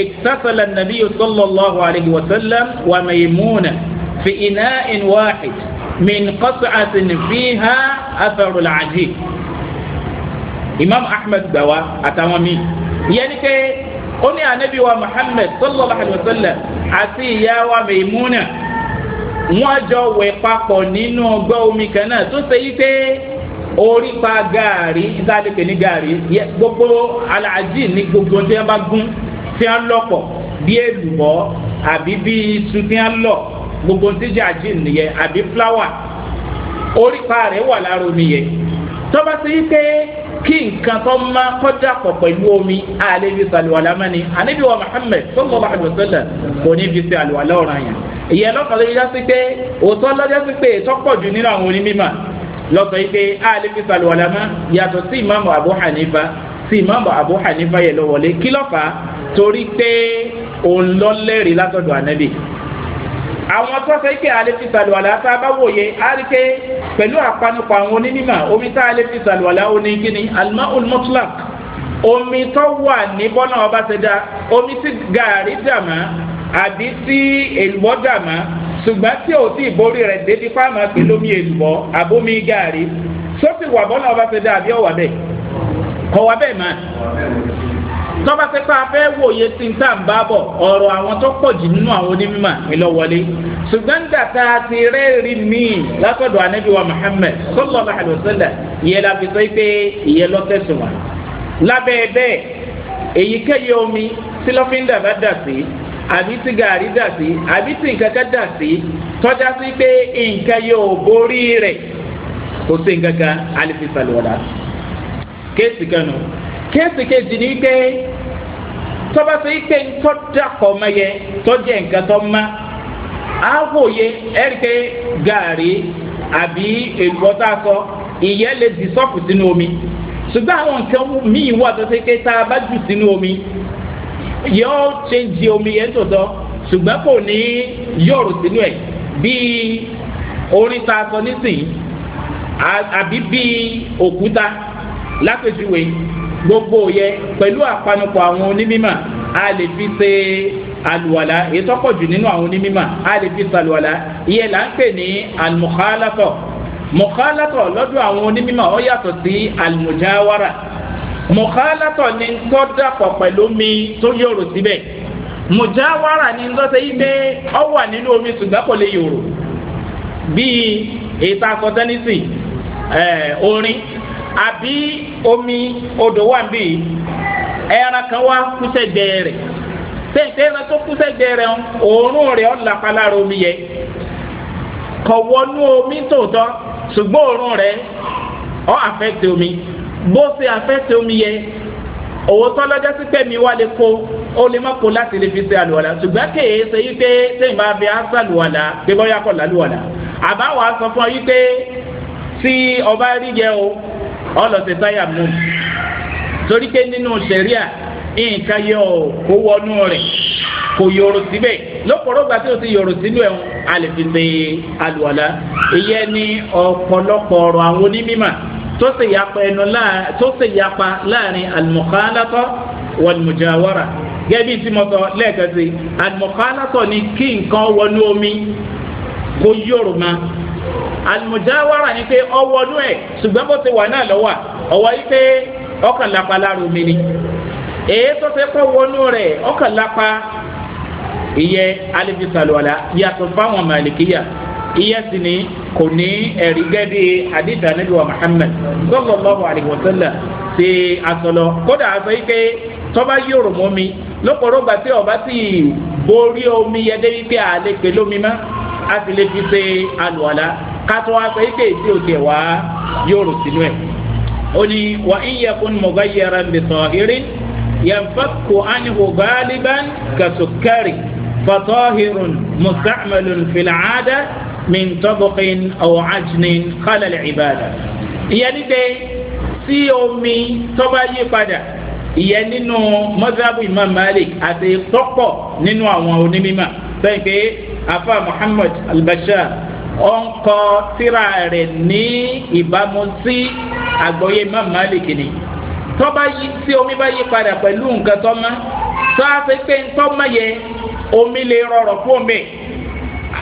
ìtàsàlà nàbí sallallahu alayhi wa sallam wa maimuna fi iná in wáhid min qas'atin fiha atharul ajib imam ahmed gbà wá àtàwọn míì ìyẹn ni pé ó ní anabi wa muhammed sallallahu alayhi wa sallam àti ìyá wa maimuna wọn jọ wẹ̀ papọ̀ nínú ọgbà omi kan náà tó ṣe yí pé orí pa gaari ìtàlẹ̀ pè ní gaari gbogbo alaji ní gbogbo tí wọn bá gún tí wọn lọpọ bí èlùbọ àbí bí iṣu tí wọn lọ gbogbo tí jàjì nìyẹn àbí fúláwà orí pa rẹ wà lára omi yẹn tọ́ba ti yí pé kí nǹkan tó má kọjá pọ̀ pẹ̀lú omi àlebi sàlùwàlà mẹ́ni àlebi wa muhammed sọ́kọ̀ bá àdùn sọ́lẹ̀ kò ní fi ṣe àlùwàlà ọ̀ràn ìyẹn lọ́kàn lórí yá sí pé òótọ́ lọ́jọ́ sí pé ètò jù nínú àwọn onímọ̀ lọ́sọ̀ yìí pé àlè fi sàlùwàlà mọ́ yàtọ̀ sí ìmáàmù abu hanifa sí ìmáàmù àbú hànífà yẹn lọ wọlé kí lọ́fà torí pé òun lọ lẹ́rìí látọ̀dọ̀ ànábì àwọn tọ́sọ̀ yìí pé àlè fi sàlùwàlà tá a bá wòye á rí pé pẹ̀lú àpanupọ̀ àwọn onímọ̀ omi tá a lè fi sàlùwàlà ó ní kíni almaul mutlak omi tó wà ní bọ́nà ọba ṣẹ̀dá omi tí gàárì dàmà àbí tí èlùbọ́ dàmà ṣùgbọ́n tí o ti borí rẹ̀ débi fáwọn àgbẹ̀ lómi èlùbọ́ àbomi gàrí sófin wà bọ́lá ọba fẹ́ bẹ́ẹ̀ àbí ọ̀wà bẹ́ẹ̀ kọ̀ wà bẹ́ẹ̀ mà tọ́ba pé pa fẹ́ wòye tí n tà ń bá bọ̀ ọ̀rọ̀ àwọn tó pọ̀ jù nínú àwọn onímọ̀ ìlọ́wọlé ṣùgbọ́n dàtà ti rẹ́ẹ̀rí míì látọ̀dọ̀ anábìwá muhammed sọlọ́lá àlùsọ́lá ìyẹn la fi sọ pé ìyẹn lọ́tẹ̀sùn wa lábẹ́ bẹ́ẹ̀ èyíkéyìí omi tí lọ́fíńdà bá dà sí àbí tí gàrí dà sí àbí tí nǹkan kan dà sí tọ́já sí pé nǹkan yóò borí rẹ̀ kò sí nǹkan kan alifi sàlùwàlà kéèsì kan nù kéèsì kejì ní pé tọ́ba sí pé nǹkan dàpọ̀ mọ́ yẹ tọ́jà nǹkan tó má àwòye ẹ̀ríkẹ́ gàrí àbí èlùbọ́tà sọ ìyẹn lè dì sínú omi ṣùgbọ́n àwọn nǹkan míì wà tó ṣe tá a bá yóò ṣèǹjì omi yẹn tòótọ́ ṣùgbọ́n kò ní yọ̀rù sínú ẹ̀ bíi orin ta sọ nísìnyí àbí bíi òkúta lápèjúwe gbogbo yẹ pẹ̀lú àpanupọ̀ àwọn onímọ̀ a lè fi ṣe aluwala ìtọ́pọ̀jù nínú àwọn onímọ̀ a lè fi ṣe aluwala ìyẹn là ń pè ní almukhalatọ̀ mukhalatọ̀ lọ́dọ̀ àwọn onímọ̀ ó yàtọ̀ sí almujawara. mùkálátọ̀ ni tó dàpọ̀ pẹ̀lú omi tó yòrò síbẹ̀ ni tó ṣe ibẹ̀ ọ wà nínú omi ṣùgbọ́n kò lè yòrò bíi ètò orin àbí omi odò wà ń bì í ẹran kan wá kúṣẹ́ tẹ̀sẹ̀ ẹran tó kúṣẹ́ omi yẹ kọ̀wọ́nú omi tòótọ́ ṣùgbọ́n òórùn bó ṣe àfẹ́sẹ̀ omi yẹ òwò tọ́lọ́jọ́ sí pẹ̀mí wá lè kó o lè má kó láti lè fi ṣe àlùwàlà ṣùgbọ́n kèé ṣe yí pé sẹ́yìn bá fi áṣà lùwàlà pé bọ́yá kọ̀ lálùwàlà àbáwọ̀ aṣọ fún ọ yí pé tí ọba rí yẹ o ọlọ́sẹ̀ táyà mú torí pé nínú sẹ̀ríà nǹkan yẹ ọ kó wọnú rẹ̀ kò yòrò síbẹ̀ lọ́pọ̀lọpọ̀ gbà tí o ti yòrò sínú ẹ̀ a lè fi ṣe àlùwàlà ìyẹn ni ọ̀pọ̀lọpọ̀ ọ̀rọ̀ àwọn onímọ̀ tó sì yapa ẹnu láàrin tó sì yapa láàrin almukhalatọ wàlmùjáwara gẹ́bí tí mo sọ lẹ́ẹ̀kan sí almukhalatọ ni kí nǹkan wọnú omi kó yòrò ma almùjáwara ni pé ọ wọnú ẹ̀ ṣùgbọ́n bó ti wà náà lọ́wọ́ ọwọ́ yìí pé ọkàn lápá lára omi ni èyí tó ti kọ́ wọnú rẹ̀ ọkàn lápá ìyẹn alẹ́ fi fáwọn màlìkíyà iye sì ni kò ní ẹ̀rí gẹ́dẹ́ hadith anabi wa muhammed sallallahu alayhi wa sallam ṣe asọlọ kódà aṣọ yìí pé tọ́ba yòrò mọ́ mi lọ́pọ̀lọpọ̀ gbà tí ọba sì borí omi yẹdẹ́ wípé àlẹ́ pé lómi má a sì lè fi ṣe alùwàlà kátó aṣọ yìí pé èsì òkè wá yòrò sínú ẹ̀ ó ní wà íyẹkùn mọ̀gáyẹrẹ mbẹ̀sọ̀ irin yẹnfàkù ánìhù gbàlíbán kàṣùkárì fatọ́hìrùn mùsàmẹ́lùn fìlàádà min tọbọkin awo ajinin kálẹ̀lẹ̀ ìbàdàn. ìyẹn ní pé tí omi tọ́ba yí padà ìyẹn nínú mọ́sáàbù imam malik àti tọ́pọ̀ nínú àwọn onímọ̀ sẹ́yìn pé afa muhammad albashir ó ń kọ tíra rẹ̀ ní ìbámu sí àgbọ̀yé imam malik ni tọ́ba yí tí omi bá yí padà pẹ̀lú nǹkan tọ́mọ́ tọ́ a fi pé tọ́mọ́ yẹ omi lè rọrọ̀ fún mi.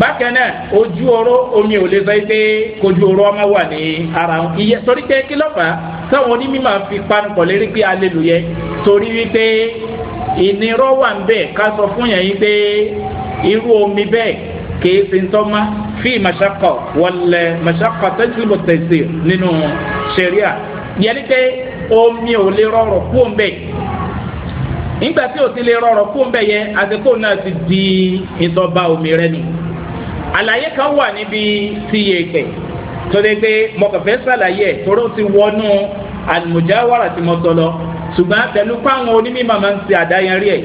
bákan náà ojú ọrọ omi ò lè sọ pé kojú ọrọ ọmọ wà ní ara wọn iye torí pé kí ló fà á táwọn onímọ̀ fi panupọ̀ lérí pé alẹ́ lò yẹ torí wípé ìnirọ́ wà ń bẹ̀ ká sọ fún yẹn yìí pé irú omi bẹ́ẹ̀ kìí fi ń tọ́mọ́ fi màṣàkọ̀ wọlé màṣàkọ̀ tẹ́sílò tẹ̀sí nínú sẹ̀ríà yẹn pé omi ò lè rọrọ̀ kú ń nígbà tí ò ti lè rọrọ̀ kú ń yẹn àti kó náà ti di ìtọ́ba omi rẹ nìyí àlàyé kan wà níbi ti yèèpẹ̀ torí pé mọ̀kànfẹ́ sàlàyé ẹ̀ toró ti wọnú àlùmọ̀jáwàrà tí mo sọ lọ ṣùgbọ́n pẹ̀lú páwọn onímọ̀ máa ń ṣe àdáyẹnrí ẹ̀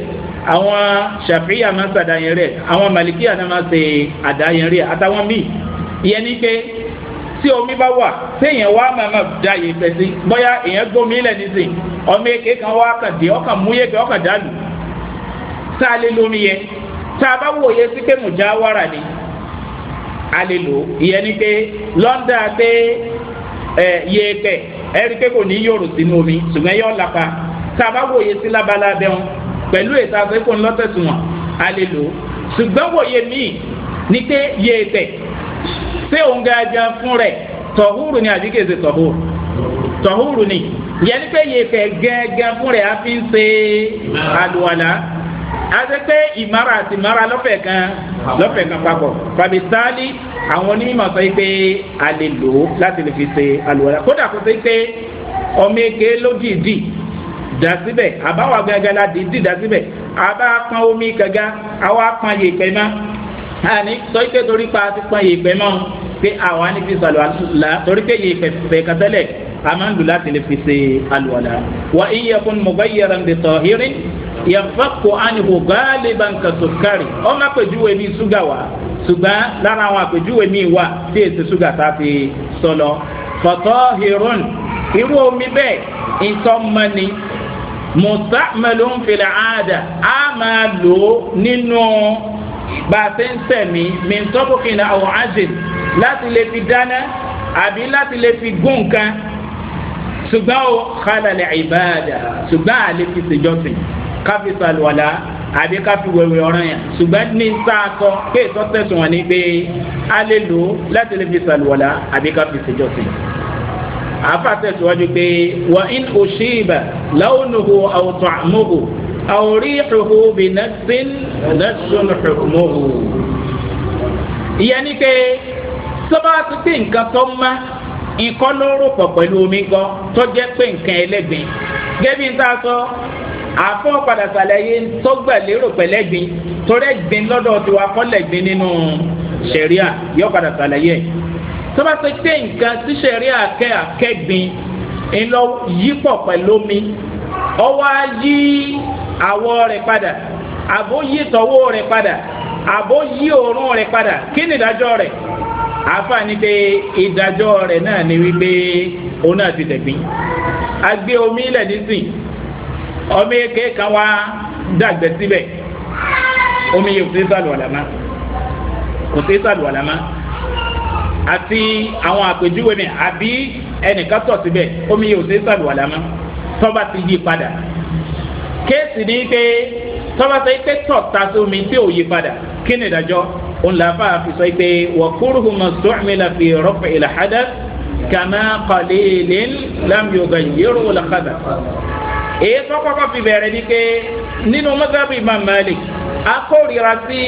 àwọn ṣàfihà máa ń ṣe àdáyẹnrí ẹ̀ àwọn màlìkíyà náà máa ń ṣe àdáyẹnrí ẹ̀ àtàwọn míì ìyẹn ni pé tí omi bá wà téèyàn wá máa máa da yèèpẹ̀ sí bóyá èèyàn gbómi lẹ̀ nísìn ọmọ èké kan wá kàn dé ọkàn mú yèèpẹ̀ ọkàn dàlù tá a lè lómi yẹn tá a bá wòye sí pé mùjáwàrà ni a lè lò ìyẹn ni pé lọ́ndà pé yẹ̀ẹ̀pẹ̀ ẹ̀rí pé kò ní yòrò sínú omi ṣùgbọ́n yọ̀ lápá tá a bá wòye sí lábala abẹ́hùn pẹ̀lú ètò àgbẹ̀kùn lọ́tẹ̀sùnwọ̀n a lè lò ṣùgbọ́n wòye míì ni pé yẹ̀ẹ̀pẹ̀ ṣé òun ga jẹun fún rẹ̀ tọ̀húrù ni àbí kèsè tọ̀húrù tọ̀húrù ni yẹn ni pé yẹ̀ẹ̀pẹ̀ gẹ́gẹ́ fún rẹ̀ á fi ń ṣe àlùwàlà àti pé ìmára àti ìmára lọ́fẹ̀ẹ́ gan lọ́fẹ̀ẹ́ kan papọ̀ fàmìsáálì àwọn onímọ̀ sọ pé a lè lò ó láti lè fi ṣe àlùwàlà kódà kó sọ pé ọmọ eke ló dìídì dà síbẹ̀ àbáwọ̀ gángan la dìídì dà síbẹ̀ àbá pọn omi kankan àwa pọn yèèpẹ̀ mọ́ àní sọ pé torí pa ti pọn yèèpẹ̀ mọ́ pé àwa ní fi ṣàlùwàlà torí pé yèèpẹ̀ kan tẹ́lẹ̀ a máa ń lò láti lè fi ṣe àlùwàlà wà iye fún mọ̀gbẹ́ yẹra yẹnfakò ánìhò gbàlébà nǹkan sọ̀kárì ọmọ àpèjúwe ní ṣúgà wá ṣùgbọ́n lára àwọn àpèjúwe míì wà tí èsì ṣúgà tá a fi sọlọ. fọ̀tọ́ hìrún irú omi bẹ́ẹ̀ ìtọ́mọ́ni mùsàmẹ́lú ń filẹ̀ àádà á máa lò ó nínú bá a ṣe ń sẹ̀mí mìtọ́bùkìnà fi dáná àbí láti lè fi gún nǹkan ṣùgbọ́n ó kálẹ̀ ìbáàdà ṣùgbọ́n àlè fi ṣèjọ́sìn káfí sàlùwàlà àbí káfí wẹ̀wẹ̀ ọ̀ràn yẹn ṣùgbọ́n ní sáàtọ̀ pé ìtọ́sẹ̀sùn wọn ni pé a lè lò ó láti lè fi sàlùwàlà àbí káfí ṣèjọsìn. àáfà tẹ̀síwájú pé wà ń òṣì ibà láwùnuhu àwùtọ̀ àmúhù àwòríhùhù bí nẹ́sìn nẹ́sùn hùmùhù. ìyẹn ni pé sọ́ba ti pín nǹkan tó máa ìkọlórúkọ pẹ̀lú omi gan tó jẹ́ pé nǹkan ẹlẹ́gbin gẹ́bí ń tá a sọ àfọ̀n padà sàlàyé tọ́gbà lérò pẹ̀lẹ́gbin torẹ́gbin lọ́dọ̀ tiwa kọ́lẹ̀gbin nínú sẹ̀ríà yọ padà sàlàyé ẹ̀ tọ́ba ṣe pé nǹkan tí sẹ̀ríà kẹ́ àkẹ́gbin ńlọ yípọ̀ pẹ̀lú omi ọwọ́ á yí àwọ̀ rẹ̀ padà àbó yí ìtọ́wò rẹ̀ padà àbó yí òórùn rẹ̀ padà kí ni ìdájọ́ rẹ̀ àfààní pé ìdájọ́ rẹ̀ náà ni wípé òun náà ti tẹ̀gbin àgbé omi ilẹ̀ nísìnyí ọmọ eke kan wá dàgbẹ́ síbẹ̀ omi yìí kò sí sàlùwàlà má kò sí sàlùwàlà má àti àwọn àpèjúwe mi àbí ẹnìkan tọ̀ síbẹ̀ omi yìí kò sí sàlùwàlà má tọ́ba ti yí padà kéèsì ni pé tọ́ba sọ pé tọ̀ ta sí omi tí ò yí padà kí ni ìdájọ́ òun fi sọ pé wàkúrú mọ̀sọ́ọ̀mìlà fi rọ́pò ìlà hádà kàmá kọ́lé lẹ́nu lámìọ̀gà làkàdà èyí tó kọ́kọ́ fi bẹ̀rẹ̀ ni pé nínú mọ́sáàbù imam malik akórira sí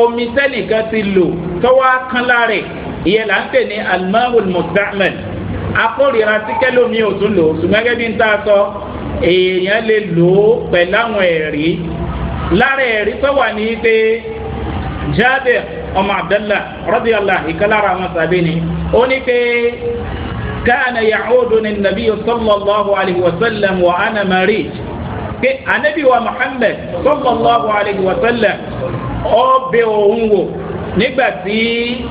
omi sẹ́nìkan ti lò tọ́wọ́ kánlá rẹ̀ ìyẹn là ń pè ní almahul mustahman akórira sí kẹlómi ò tún lò ṣùgbọ́n gẹ́gẹ́ bí n ta sọ èèyàn lè lò ó pẹ̀lú àwọn ẹ̀rí lára ẹ̀rí tó wà ní pé jáde ọmọ abdallah rọ́bìọ́lá ìkàlára àwọn sàbẹ̀ ni ó ní pé. كان يعودني النبي صلى الله عليه وسلم وأنا مريض anabi wa muhammed sallallahu alayhi wa sallam ọ bẹ òun wò nígbà tí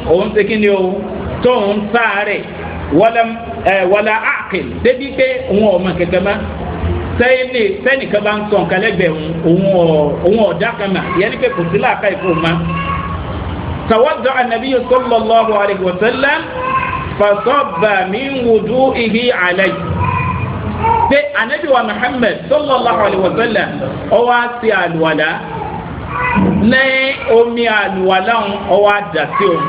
òun ti kíni o tó òun sáré wàlà àkè débi pé òun ọmọ kẹkẹ mọ sẹ́yìnì sẹ́nìkan bá ń sọ nǹkan òun òun kan mà yẹn pé kò sí làákà ìfowópamọ́. sàwọ́dọ̀ anabi sallallahu alayhi wa sallam fasọ́bà mi ń wudu ihi alẹ́ pé anabi wa muhammed sallallahu alayhi wa sallam ọwọ́ á sí àlùwàlà ní omi àlùwàlà ọwọ́ á dà sí òun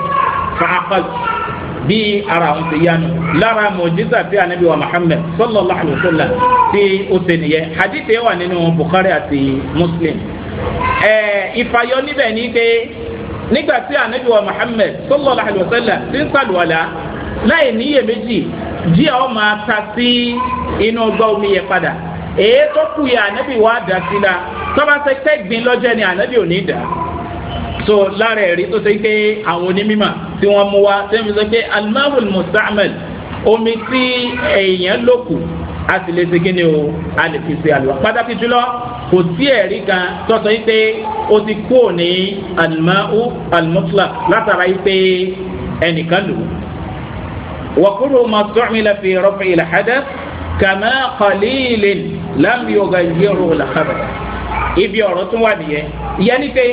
fàákàlù bí ara àwọn ti yanu lára mọ̀jísà anabi wa muhammed sallallahu alayhi wa sallam ti o ṣe hadith yẹn wà nínú bukhari àti muslim. ẹ ìfàyọ níbẹ̀ ni pé nígbà anabi wa muhammed sallallahu alayhi wa sallam ti ń sàlùwàlà láì níyèméjì díẹ̀ ọ máa ta sí inú ọgbà omi yẹn padà èyí tó kù yẹ ànábì wá dà sí la tọ́ba ṣe kẹ́gbin lọ́jọ́ ni ànábì ò ní dà so lára ẹ̀rí tó ṣe pé àwọn onímọ̀ tí wọ́n mú wa ṣe ń sọ pé alimamul mustamal omi tí èèyàn lòkù a sì lè ṣe kíni o a lè fi ṣe àlùwà pàtàkì jùlọ kò sí ẹ̀rí kan tọ́sọ yìí pé ó ti kú òní alimau alimutla látara yìí pé ẹnìkan lò ó. وكل ما استعمل في رفع الحدث كما قليل لم يغيره الخبر ibi ọ̀rọ̀ tún wà nìyẹn ìyẹn ni pé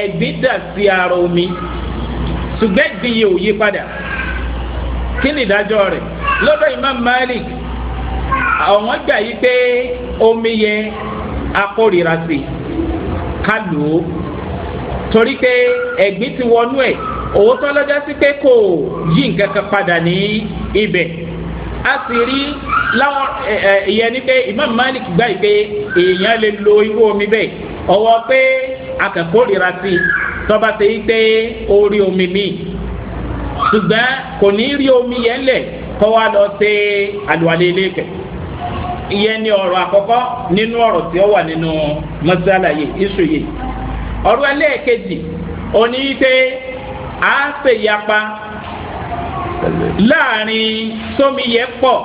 ẹ̀gbin dà sí ara omi ṣùgbọ́n ẹ̀gbin yìí ò yí padà kí ni ìdájọ́ rẹ̀ lọ́dọ̀ Imam Malik àwọn gbà yí pé omi yẹn akórira sí i ká lò ó torí pé ẹ̀gbin ti wọnú ẹ̀ òótọ́ lọ́jọ́ sí ko yi yí nǹkan kan padà ní a sì rí ni pé imam malik omi be owo pe akẹ́kọ̀ọ́ rira sí tọ́ba ite o ri omi míì ṣùgbọ́n kò ní rí omi yẹn lẹ̀ kọ́ wa lọ sí àlùwalẹ̀ ilé ìyẹn ni ọ̀rọ̀ àkọ́kọ́ nínú ọ̀rọ̀ tí ó wà nínú mọ́sálà yìí ọ̀rọ̀ ẹlẹ́ẹ̀kejì òní pé á ṣe yapa láàrin somi yẹ pọ̀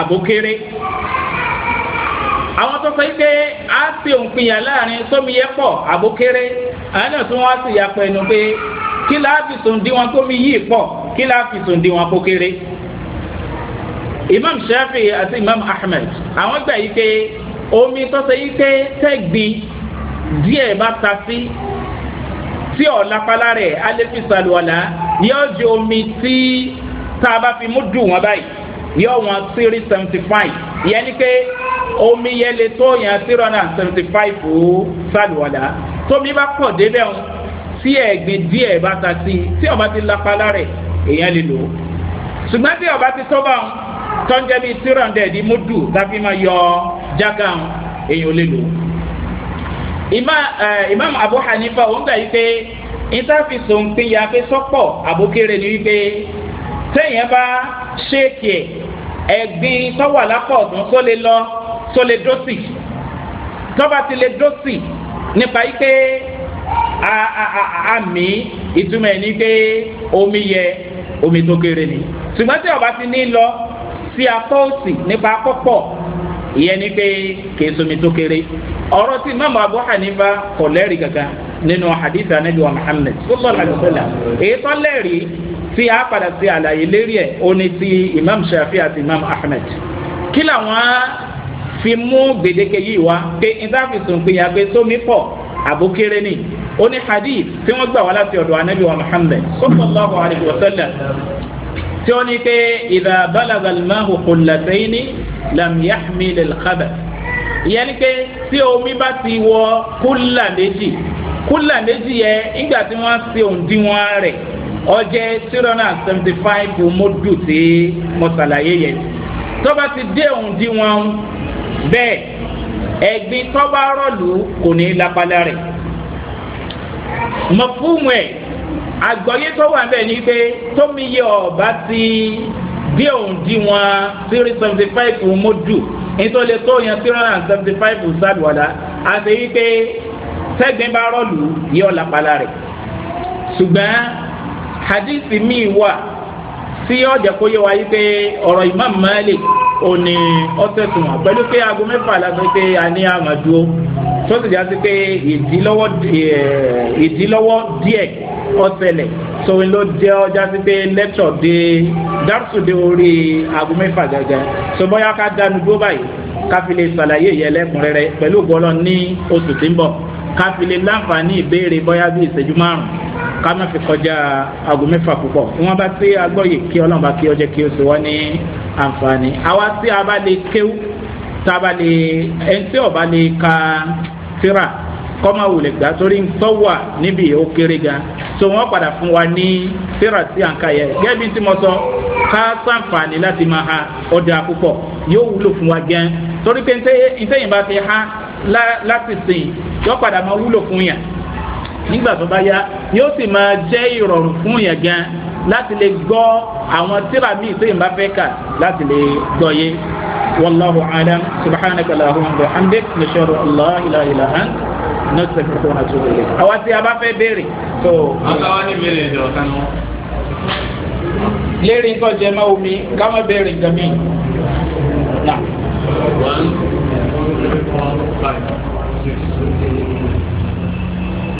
àbókéré àwọn tó sọ pé a ti òǹpìyàn láàrin sómi yẹ pọ̀ àbókéré àwọn náà tí wọ́n á sì ya pẹ̀lú pé kí la fi sùn di wọn tómi yìí pọ̀ kí la fi sùn di wọn kókéré. imam shafi àti imam ahmed àwọn gbà yìí pé omi tó sọ yìí pé tẹ́gbì díẹ̀ bá ta sí tí ọ̀làpàlà rẹ̀ alẹ́fi sàlùwàlà yóò jẹ omi tí tá a bá fi mú dùn wọn báyìí yóò wọn three seventy five yẹn ni pé omi yẹn lè tó yẹn three hundred and seventy five ó sàlùwàlà tómi bá pọ̀ débẹ̀ ń tí ẹ̀gbin díẹ̀ bá ta sí tí ọba ti lápálá rẹ̀ èèyàn lè lò ó ṣùgbọ́n tí ọba ti tọ́ bá ń tọ́jú ẹbí three hundred mú dùn tàbí máa yọ jágà ń èèyàn lè lò ó. Ima, eh, imam abu hanifa òun gbà yìí pé ìtàfisùn pinya pé sọ́pọ̀ àbókèrè ni wípé téèyàn bá ṣéèkì ẹ̀ ẹ̀gbin tọ́wà lápọ̀ ọ̀dún tó lè lọ tó lè dósì tọ́ba ti lè dósì nípa yìí pé àmì ìtumọ̀ ẹ̀ ní pé omi yẹ omi tó kéré ni ṣùgbọ́n tí ọba ti ní lọ sí apọ̀ òsì nípa akọ́pọ̀ ìyẹn ni pé kìí somi tó kéré ọ̀rọ̀ tí mọ́mọ́ abu hanifa kò lẹ́rì kankan nínú hadith anabi wa muhammed sallallahu alayhi wa sallam èyí tó lẹ́rì tí a padà sí àlàyé lérí ẹ̀ ó ní ti imam shafi àti imam ahmed kí làwọn fi mú gbèdéke yìí wá pé ìdáfisùn pé yàgbé sómi pọ̀ àbókéré ni ó ní hadith tí wọ́n gbà wá láti ọ̀dọ̀ anabi wa muhammed sallallahu alayhi wa sallam tí ó ní pé ìdá balagalmahu kùlàtẹ́yìn lam yahmil al-khabath ìyẹn ni pé tí omi bá ti wọ kúlà méjì kúlà méjì yẹn nígbà tí wọ́n ṣe òǹdíwọ̀n rẹ̀ ó jẹ́ zero nine seventy five modu tí mo ṣàlàyé yẹn tó bá ti dé òǹdíwọ̀n bẹ́ẹ̀ ẹ̀gbin tó bá rọ̀lù kò ní lápálá rẹ̀ mọ̀fúnmu ẹ̀ àgbọ̀yé tó wà bẹ́ẹ̀ ni pé tómi yẹ ọ̀bá ti bí òǹdíwọ̀n three seventy five modu nítorí tó yan three hundred and seventy five sàlùwàlà àti wípé sẹ́gbìn bá rọ́ọ̀lù yóò lápá lára rẹ̀ ṣùgbọ́n hadith mi wà tí ọjà kó yẹ wá yí pé ọ̀rọ̀ imam malik ò ní ọ̀sẹ̀ tó wọn pẹ̀lú pé aago mẹ́fà la sọ pé a ní àmàdúró tó sì já sí pé ìdílọ́wọ́ díẹ̀ ọ̀sẹ̀lẹ̀ tó ń lọ jẹ́ ọjà sí pé lẹ́tọ̀ dé dárúsù dé orí aago mẹ́fà gàgà tó bóyá ká dánu dúró báyìí káfílẹ̀ ìsàlàyé yẹ lẹ́kùnrẹ́rẹ́ pẹ̀lú gbọ́lọ́ ní oṣù tí ń bọ̀ káfílẹ̀ láǹfààní ìbéèrè bóyá bí ìṣẹ́jú márùn-ún ká fi kọjá aago mẹ́fà púpọ̀ ìwọ̀n bá tí a yìí kí bá kí kí o sì wọ́n ní àǹfààní àwa a bá lè tá a bá lè ẹni tí lè ka tira kọ́má wulẹ̀ gba torí ntọ́wà níbi ó kéré gan so wọ́n padà fún wa ní tira ka yẹ gẹ́gẹ́ tí mo sọ ká ha ọjà púpọ̀ yóò wúlò fún wa gẹ́n torí pé bá ti ha láti sìn yọ padà máa wúlò fún yàn. nígbà tó bá yá yóò sì máa jẹ́ ìrọ̀rùn fún yẹn gan láti lè gbọ́ àwọn tíra míì tó yẹn bá fẹ́ kà láti lè gbọ́ yé wallahu alam subhanaka allahumma wa hamdik nashhadu an la ilaha illa ant nastaghfiruka wa natubu ilayk. àwa tí a bá fẹ́ béèrè. àtàwọn ní béèrè ìjọ kan wọn. nǹkan jẹ máa omi ká béèrè nǹkan mi. one two three four five six.